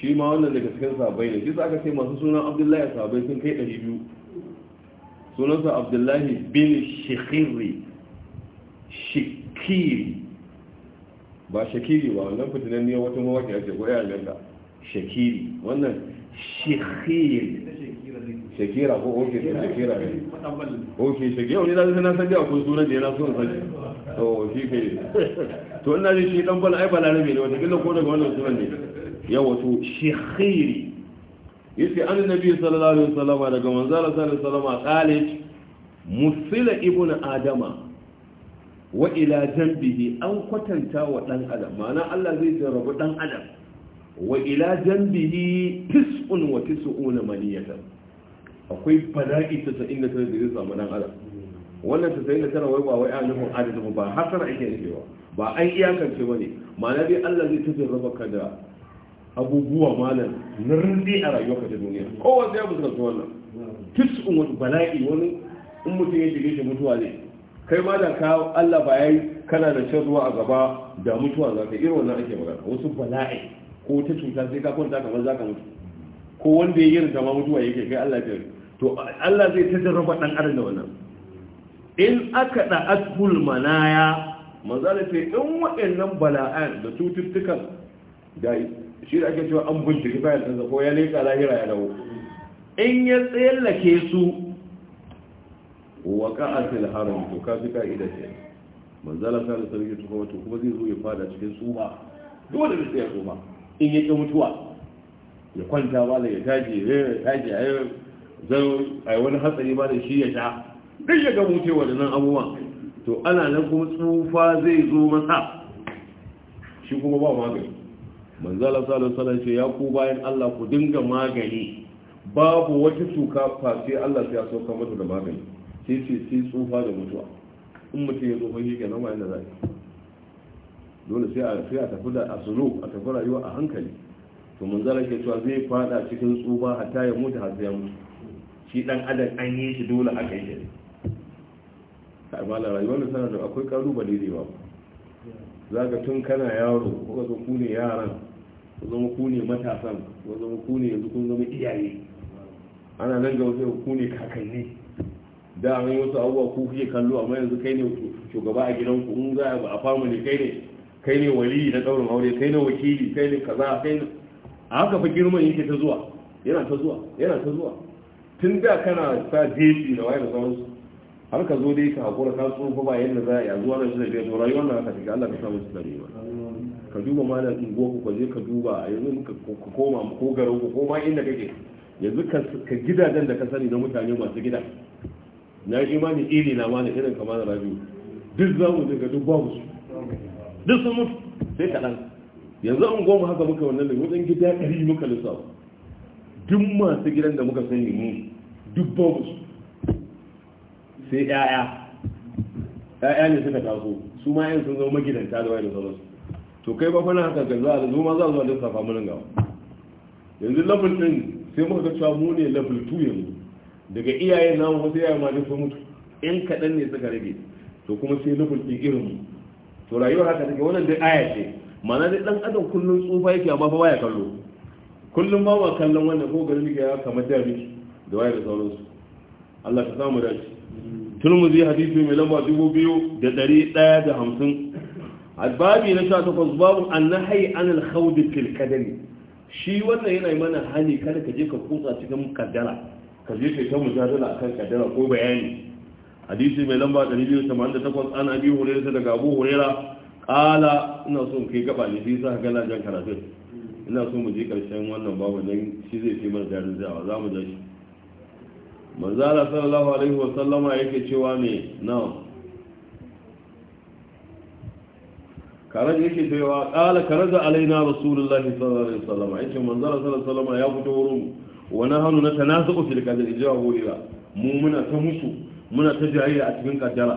Speaker 1: shi ma wannan daga cikin sabai ne kisa aka ce masu sunan abdullahi sabai sun kai 200 sunansa abdullahi bin shikirri shikiri ba shakiri ba wannan fitinan ne wata mawaki ake goya ko ya ganda shakiri wannan shekiri shakira ko oke ta shakira ne oke shakira wani zai na san jawa kun sunan da yana son sashi to to ina ji shi dan bala ai bala rabe ne wata kila ko daga wannan sunan ne yawa to shekiri yace an nabi sallallahu alaihi wasallam daga manzala sallallahu alaihi wasallam musila ibn adama wa ila jambihi an kwatanta wa dan adam ma'ana Allah zai jarrabu dan adam wa ila janbihi tis'un wa tis'una maniyatan akwai fada'i 99 da zai samu dan adam wannan 99 wai ba wai an nufin adadin ba hasar ake cewa. ba an iyakance ba ne ma'ana dai Allah zai tafi raba ka da abubuwa malam na a rayuwarka ta duniya kowa sai ya buƙata wannan tis'un wa bala'i wani in mutum ya shige shi mutuwa ne kai ma da ka Allah ba yayi kana da shan a gaba da mutuwa za ka irin wannan ake magana wasu bala'i ko ta cuta sai ka kwanta kamar za ka mutu ko wanda ya yi ma mutuwa yake kai Allah ya to Allah zai ta jarraba dan adam da wannan in aka da asbul manaya manzala ce in waɗannan bala'an da cututtukan da shi da ake cewa an bincike bayan sansa ko ya leka lahira ya dawo in ya tsayallake su wa ka'atil haram to ka fi ka'ida ce manzala sallallahu sarki wasallam kuma zai zo ya fada cikin suma dole ne sai ya suma in ya ƙi mutuwa ya kwanta ba da ya tashi ya tashi a yau zan a wani hatsari ba da shi ya sha duk ya gamu ce nan abubuwa to ana nan kuma tsufa zai zo masa shi kuma ba magani manzala salon salon ce ya ku bayan allah ku dinga magani babu wata cuka face allah ya sauka mata da magani sai sai tsufa da mutuwa in mutum ya tsofa shi ke nan wayan da zai dole sai a a tafi da asulu a tafi rayuwa a hankali to mun zara ke cewa zai fada cikin tsuba hatta ya mutu har sai ya mutu shi dan adam an yi shi dole aka yi shi ka amala rayuwar da sanar da akwai kalubale da yawa za ka tun kana yaro ko ka zo ku ne yaran ko zama ku ne matasan ko zama ku ne yanzu kun zama iyaye ana nan ga wasu ku ne kakanni da an yi wasu abubuwa ku kuke kallo amma yanzu kai ne shugaba a gidanku in za a ba a famu ne kai ne kai ne wali na daurin aure kai ne wakili kai ne kaza kai ne a haka fa girman yake ta zuwa yana ta zuwa yana ta zuwa tun da kana sa jefi da waye da sauransu har ka zo dai ka hakura ka tsofa ba yadda za a yi a zuwa na shi da biyar rayuwar na ka shiga Allah ka samu su da rayuwa ka duba malamin unguwa ka je ka duba yanzu ka koma ko garin ko koma inda kake yanzu ka gidajen da ka sani na mutane masu gida na imani iri na malam irin kamar rabi duk za mu duk babu su duk sun mutu sai kaɗan yanzu an goma haka muka wannan da wajen gida ɗari muka lissawa duk masu gidan da muka sani mu duk babu sai ɗaya ɗaya ne suka taso su ma yin sun zama magidanta da wani sauransu to kai ba fana haka ga zuwa da zuwa za zuwa safa mun gawa yanzu level ɗin sai muka ga cewa mu ne level 2 yanzu daga iyayen namu wasu iyayen ma duk sun mutu in kaɗan ne suka rage to kuma sai level ɗin irin mu to rayuwar haka take wannan dai aya ce ma'ana dai dan adam kullun tsufa yake amma fa baya kallo kullun ba kallon wannan ko garin ya kamar da miki da waye da sauransu Allah ka samu dace turmuzi hadisi mai lamba hamsin. albabi na takwas babu annahi an khawd fil shi wannan yana yi mana hani kada ka je ka kutsa cikin kaddara ka je ka ta mujadala akan kaddara ko bayani hadisi mai lamba 288 an hurera hurairah daga abu hurera kala ina so kai gaba ne sai saka gana jan karatun ina so mu je karshen wannan babu dan shi zai fi mana darin zawa za mu da shi manzala sallallahu alaihi wa sallama yake cewa ne na karar yake cewa kala karar da alaina rasulullahi sallallahu alaihi wasallam yace manzara sallallahu alaihi wasallam ya fito wurin wa nahanu natanazaqu fil qadr ijwa mu muna ta musu muna ta jayayya a cikin kajara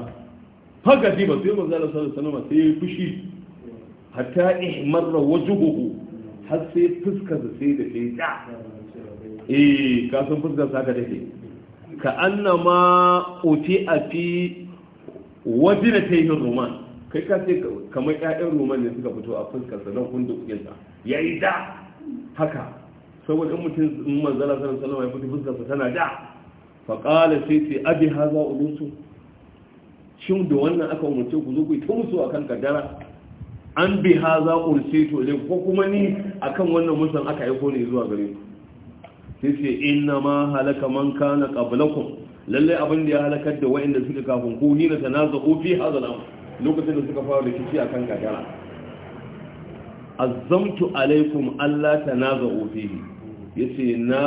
Speaker 1: haka ji ba sai manzo Allah sallallahu alaihi wasallam yi fushi hatta ihmarra wajhuhu har sai fuskar da sai da sai da eh ka san fuskar sa ka dake ka annama uti a fi wajina tayhin roman. kai ka ce kamar ƴaƴan roman ne suka fito a fuskar sa don hundu kuɗin sa yayi da haka saboda in mutum in manzala sallallahu alaihi wasallam ya fito fuskar sa tana da faƙala sai ce abi haza ulusu shin da wannan aka umarce ku zo ku yi ta musu akan kaddara an bi haza ursi to ilai ko kuma ni akan wannan musan aka aiko ne zuwa gare ku sai sai inna ma halaka man kana qablakum lalle abin da ya halakar da wa'inda suka kafin ku ni na tanazu fi haza al lokacin da suka fara rikici akan kaddara azamtu alaikum alla tanazu fihi yace na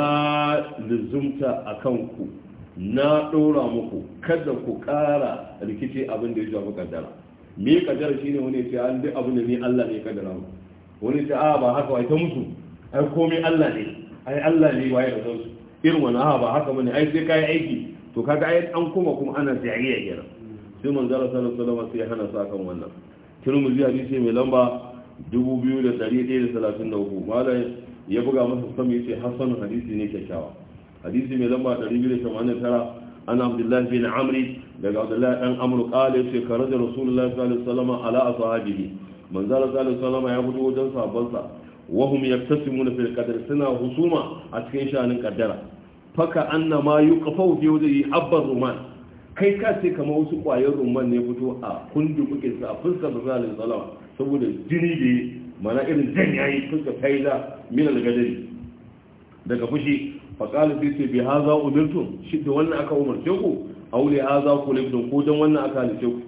Speaker 1: luzumta akan ku na ɗora muku kada ku ƙara rikici abin da ya shafi kaddara me kaddara shine wani ce an duk abin da ni Allah ne kaddara mu wani ce a ba haka wai ta mutu. ai komai Allah ne ai Allah ne waye da su irin wani a ba haka bane ai sai kai aiki to kaga ai an kuma kuma ana jariya kenan sai manzara sallallahu alaihi wasallam sai hana sa kan wannan tirmidhi hadisi mai lamba 2133 malai ya buga masa sami yace hasan hadisi ne kyakkyawa hadisi mai lamba 289 an abdullahi bin amri daga abdullahi ɗan amru qala yace karaja rasulullahi sallallahu alaihi wasallam ala ashabihi manzo sallallahu alaihi wasallam ya fito wajen sahabbansa wa hum yaktasimuna fil qadar suna husuma a cikin shanin kaddara faka anna ma yuqafu fi wajhi habbar ruman kai ka ce kamar wasu ƙwayar rumman ne fito a kundi bukinsa a fuskar misalin salama saboda jini da mana irin jan yayi fuskar faida min algadari daga fushi faƙalin sai sai bi haza umirtum shi da wannan aka umarce ku A aule haza ku laifin ko don wannan aka halice ku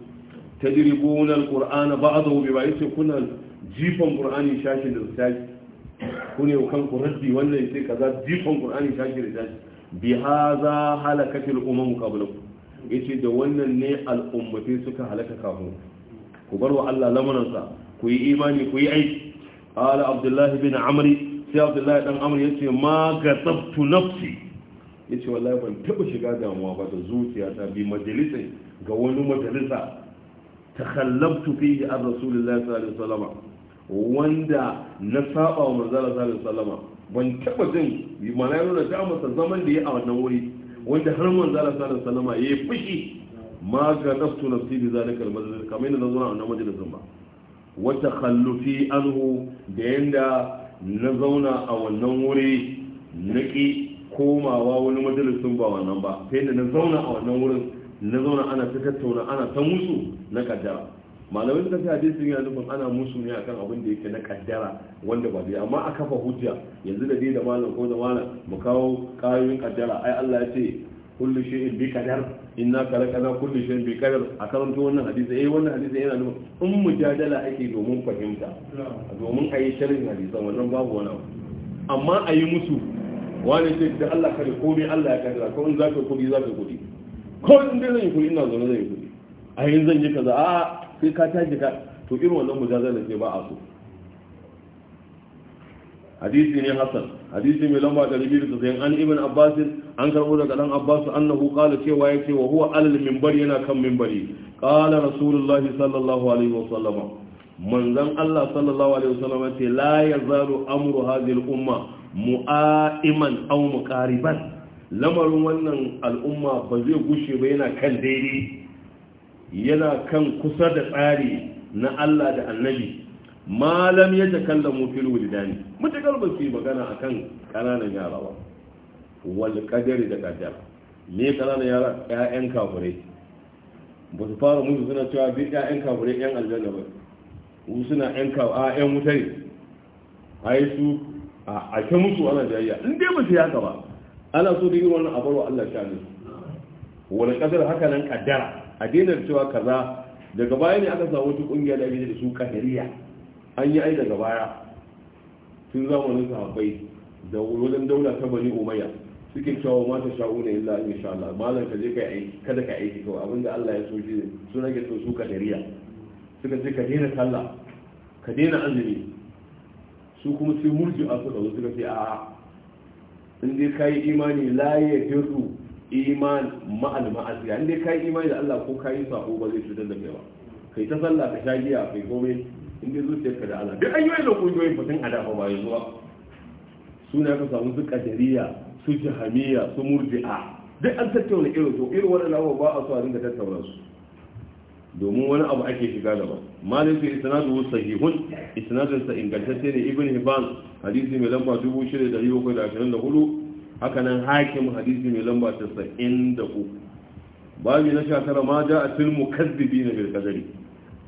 Speaker 1: ta jiribun alƙur'ana ba a zaube ba yace kuna jifan ƙur'ani shashi da shashi ku ne kan ku raddi wannan yace kaza jifan ƙur'ani shashi da shashi bi haza halakatil umam qablakum yace da wannan ne al'ummatai suka halaka kafin ku bar wa Allah lamunansa ku yi imani ku yi aiki قال عبد الله بن عمرو sai abdullahi dan amur ya ce ma ga tsabtu nafsi ya ce wallahi ban taɓa shiga damuwa ba da zuciya ta bi majalisa ga wani majalisa ta khallabtu fihi an rasulullahi sallallahu alaihi wasallam wanda na saba wa manzala sallallahu alaihi wasallam ban taɓa jin malayu da ta masa zaman da ya a wannan wuri wanda har manzala sallallahu alaihi wasallam ya yi fushi ma ga nafsu nafsi bi zalikal majlis kamar yadda na zo a wannan majalisin ba wata khallufi anhu da yanda na zauna a wannan wuri na ƙi komawa wani majalisun ba wannan ba sai da na zauna a wannan wurin na zauna ana ta tattauna ana ta musu na kaddara malamin ta da sun yana nufin ana musu ne akan abin da yake na kaddara wanda ba zai amma a kafa hujja yanzu da dai da malam ko da malam mu kawo ƙayoyin kaddara ai Allah ya ce kullu shay'in bi qadar inna khalaqna kullu shay'in bi qadar a karanta wannan hadisi eh wannan hadisi yana nuna in mujadala ake domin fahimta domin a yi sharhin hadisan wannan babu wani amma a yi musu wani ce da Allah ka kare komai Allah ya kaddara ko in zaka kudi zaka kudi ko in dai zan yi kudi ina zaune zan yi kudi a yin zan yi kaza a sai ka tashi ka to irin wannan mujadala ce ba a so hadisi ne hasan hadisi mai lamba da ribi da an ibn abbas an karbo daga dan abbas annahu qala cewa yake wa huwa alal minbar yana kan minbari qala rasulullahi sallallahu alaihi wasallam manzon Allah sallallahu alaihi wasallam ce la yazalu amru hadhihi al-umma mu'aiman aw muqariban lamarin wannan al'umma ba zai gushe ba yana kan daidai yana kan kusa da tsari na Allah da annabi malam ya mu fil wuldani ta ba su magana akan kananan yara ba wal qadari da qadar me kananan yara ƴaƴan kafure? ba su fara musu suna cewa bi ƴaƴan kafure, ƴan aljanna ba su suna ƴan a ƴan wuta ne ai su a ke musu ana jayya in dai ba su yaka ba ana so da yi wannan abarwa Allah sha ne wal qadar haka nan qaddara a daina cewa kaza daga baya ne aka samu wata kungiya da ake da su qadariya an yi ai daga baya tun zamanin sahabbai da wajen daula ta bani umayya suke cewa ma ta sha'u ne illa in sha Allah malam ka je ka aiki kada ka aiki kawai abinda Allah ya so shi suna ke so su ka dariya suka ce ka daina sallah ka daina azumi su kuma sai murji a suka suka ce a in dai ka yi imani la ya hirru iman ma'al ma'asiya in dai ka yi imani da Allah ko ka yi sako ba zai cutar da kai ba kai ta sallah ka sha giya kai komai inda zuciyarka da Allah duk ayyukan da kungiyoyin fatin ada adafa ba yanzu suna ka samu su kadariya su jahamiya su murji'a duk an tattauna irin to iri waɗannan abubuwa ba a so a dinga tattauna su domin wani abu ake shiga gaba malin su isnadu sahihun isnadun sa ingantacce ne ibn hibban hadisi mai lamba 6724 haka nan hakim hadisi mai lamba 93 babu na sha tara ma a til mukazzibina bil qadari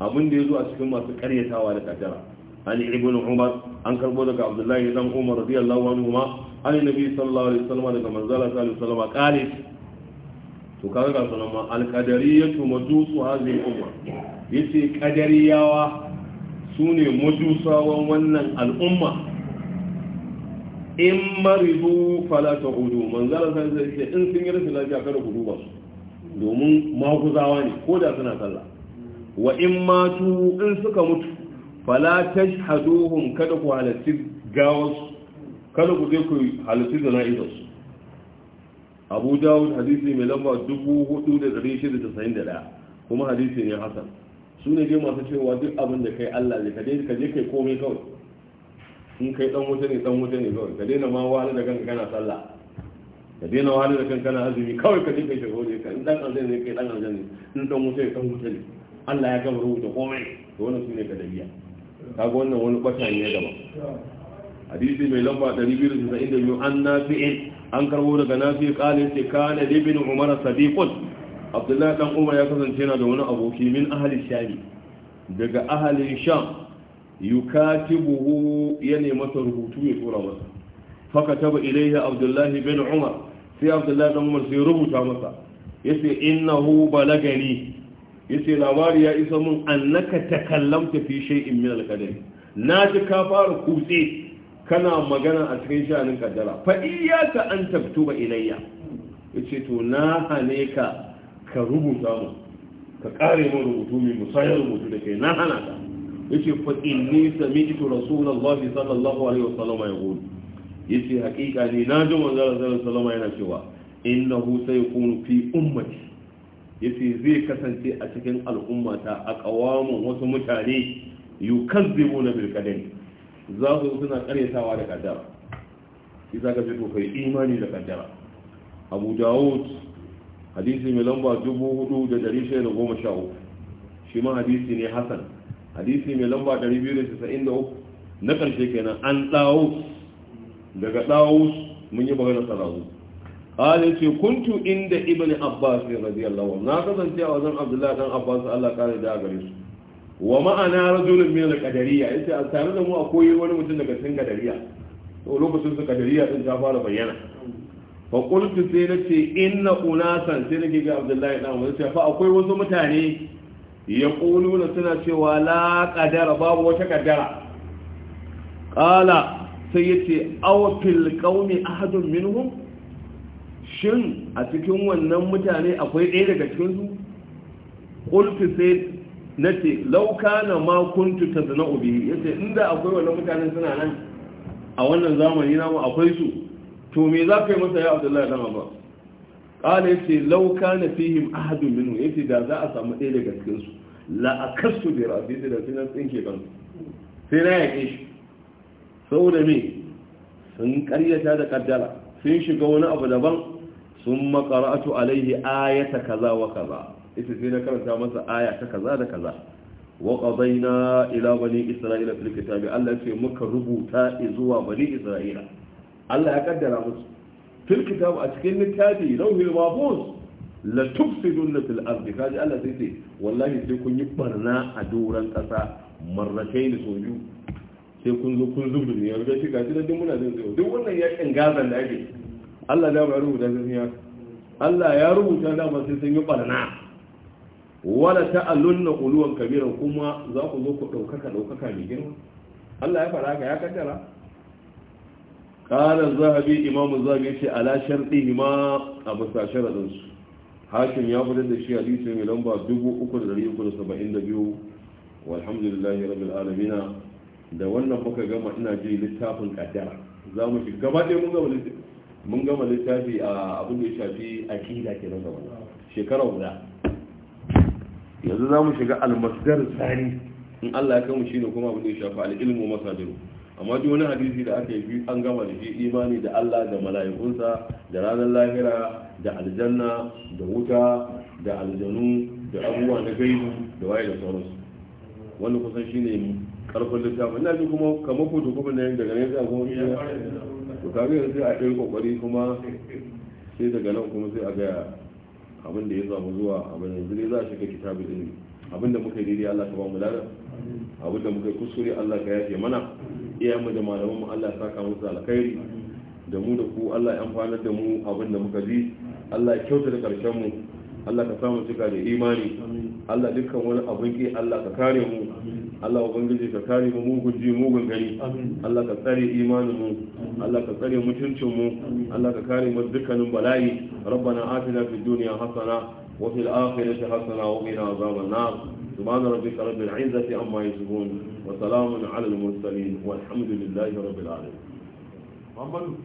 Speaker 1: abin da ya zo a cikin masu karyatawa da kajara an ibn umar an karbo daga abdullahi dan umar radiyallahu anhu ma an nabi sallallahu alaihi wasallam daga manzala sallallahu alaihi wasallam kale to kaga ga sunan ma ya qadariyatu majusu hazi umma yace qadariyawa sune majusawan wannan al'umma in maridu fala ta'udu manzala sallallahu alaihi wasallam in sun yi rashin lafiya kada ku duba su domin maguzawa ne ko da suna sallah wa in matu in suka mutu fala tashhaduhum kada ku halatti gawas kada ku je ku halarci jana'izar su Abu Dawud hadisi mai lamba 4691 kuma hadisi ne hasan su ne je masu cewa duk abin da kai Allah ne kaje kaje kai komai kawai in kai dan wuta ne dan wuta ne kawai ka daina ma wani da kanka kana sallah ka daina wani da kanka kana azumi kawai ka je kai shago ne ka in dan aljanna ne kai dan aljanna ne in dan wuta ne dan wuta ne Allah ya gama rubuta komai to wannan sune kadariya kaga wannan wani kwata ne gaba hadisi mai lamba 292 an nafi'in an karbo daga nafi qala ce kana ibn umar sadiqun abdullahi dan umar ya kasance yana da wani aboki min ahalin shami daga ahalin sham yukatibuhu ya nemi masa rubutu ya tura masa faka taba ilaihi abdullahi bin umar sai abdullahi bin umar sai rubuta masa yace innahu balagani Ya ce labari ya isa mun annaka ta kallamta fi shay'in min al na ji ka fara kutse kana magana a cikin sha'anin kaddara fa iyyaka an taktuba ilayya ce to na hane ka ka rubuta mu ka kare mu rubutu mai musayar rubutu da kai na hana ka Ya yace fa inni sami'tu rasulullahi sallallahu alaihi wasallam Ya ce hakika ne na ji manzon sallallahu alaihi wasallam yana cewa innahu sayqulu fi ummati yace zai kasance a cikin al'ummata a kawamun wasu mutane yukazzibu na bilkadari za su suna karyatawa da kaddara shi za ka fi to kai imani da kaddara abu dawud hadisi mai lamba dubu hudu da dari shida da goma sha uku shi ma hadisi ne hasan hadisi mai lamba dari biyu da casa'in da uku na karshe kenan an ɗawus daga ɗawus mun yi magana sarazu ala ce kuntu inda ibn abbas radiyallahu anhu na kasance a wajen abdullahi dan abbas Allah kare da gare su wa ma'ana rajulun min al-qadariyya yace a tare da mu a koyi wani mutum daga cikin qadariyya to lokacin su qadariyya din ta fara bayyana fa qultu sai nace inna unasan sai nake ga abdullahi dan abbas fa akwai wasu mutane ya na suna cewa la qadara babu wata qaddara qala sai yace aw fil qaumi ahadun minhum shin a cikin wannan mutane akwai ɗaya daga cikinsu ƙulfi sai na ce lauka na makuntu ta zana obi ya ce inda akwai wannan mutane suna nan a wannan zamani mu akwai su to me za ka yi masa ya abdullahi dan ba ƙala ya ce lauka na fihim ahadun minu ya ce da za a samu ɗaya daga cikinsu la'akastu da rafi da sai na tsinke kansu sai na yaƙe shi saboda me sun ƙaryata da kaddara sun shiga wani abu daban sun makaratu alaihi ayata kaza wa kaza ita sai na karanta masa aya ta kaza da kaza wa qadaina ila bani isra'ila fil kitabi Allah ce muka rubuta izuwa bani isra'ila Allah ya kaddara musu fil kitabi a cikin littafi lauhil mahfuz la tufsiduna fil ardi kaji Allah sai ce wallahi sai kun yi barna a doran kasa marratayn so biyu sai kun zo kun zubdu ne ya riga shi gaji da duk muna zai duk wannan yakin gazan da ake Allah da ya rubuta gaskiya Allah ya rubuta da masu sun yi barna wala na quluwan kabiran kuma za ku zo ku ɗaukaka-ɗaukaka mai girma Allah ya fara haka ya kaddara qala zahabi imam zahabi ce ala shartihi ma abu sa sharadin su hakim ya fitar da shi hadisi mai lamba 3372 walhamdulillahi rabbil alamin da wannan muka gama ina ji littafin kaddara za mu shiga gaba ɗaya mun gama littafin mun gama littafi a abin da ya shafi aqida kenan gaba shekara guda yanzu za mu shiga almasdar tsari in Allah ya kama shi ne kuma abin da ya shafi al'ilmu masadiru amma duk wani hadisi da aka yi an gama da shi imani da Allah da mala'ikunsa da ranar lahira da aljanna da wuta da aljanu da abubuwa na gaibu da waye da sauransu wannan kusan shine karfin littafin na ji kuma kamar kuma na yin daga kuma zai kuma to kaga yanzu a ɗin kokari kuma sai daga nan kuma sai a gaya abin da ya zama zuwa abin yanzu ne za a shiga kitabu din abin da muka yi daidai Allah ka ba mu lada abin da muka yi kuskure Allah ka yafe mana iyayen mu da malaman mu Allah ya saka da alkhairi da mu da ku Allah ya amfanar da mu abin da muka ji Allah ya kyauta da karshen mu Allah ka samu cika da imani Allah dukkan wani abin ki Allah ka kare mu Allah ubangiji ka kare mu mugun ji mugun gani Allah ka tsare imanin mu Allah ka tsare mutuncin mu Allah ka kare mu dukkanin bala'i rabbana atina fid dunya hasana wa fil akhirati hasana wa qina azaban nar سبحان ربك رب العزة عما يصفون وسلام على المرسلين والحمد لله رب العالمين محمد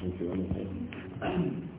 Speaker 1: Okay, you know,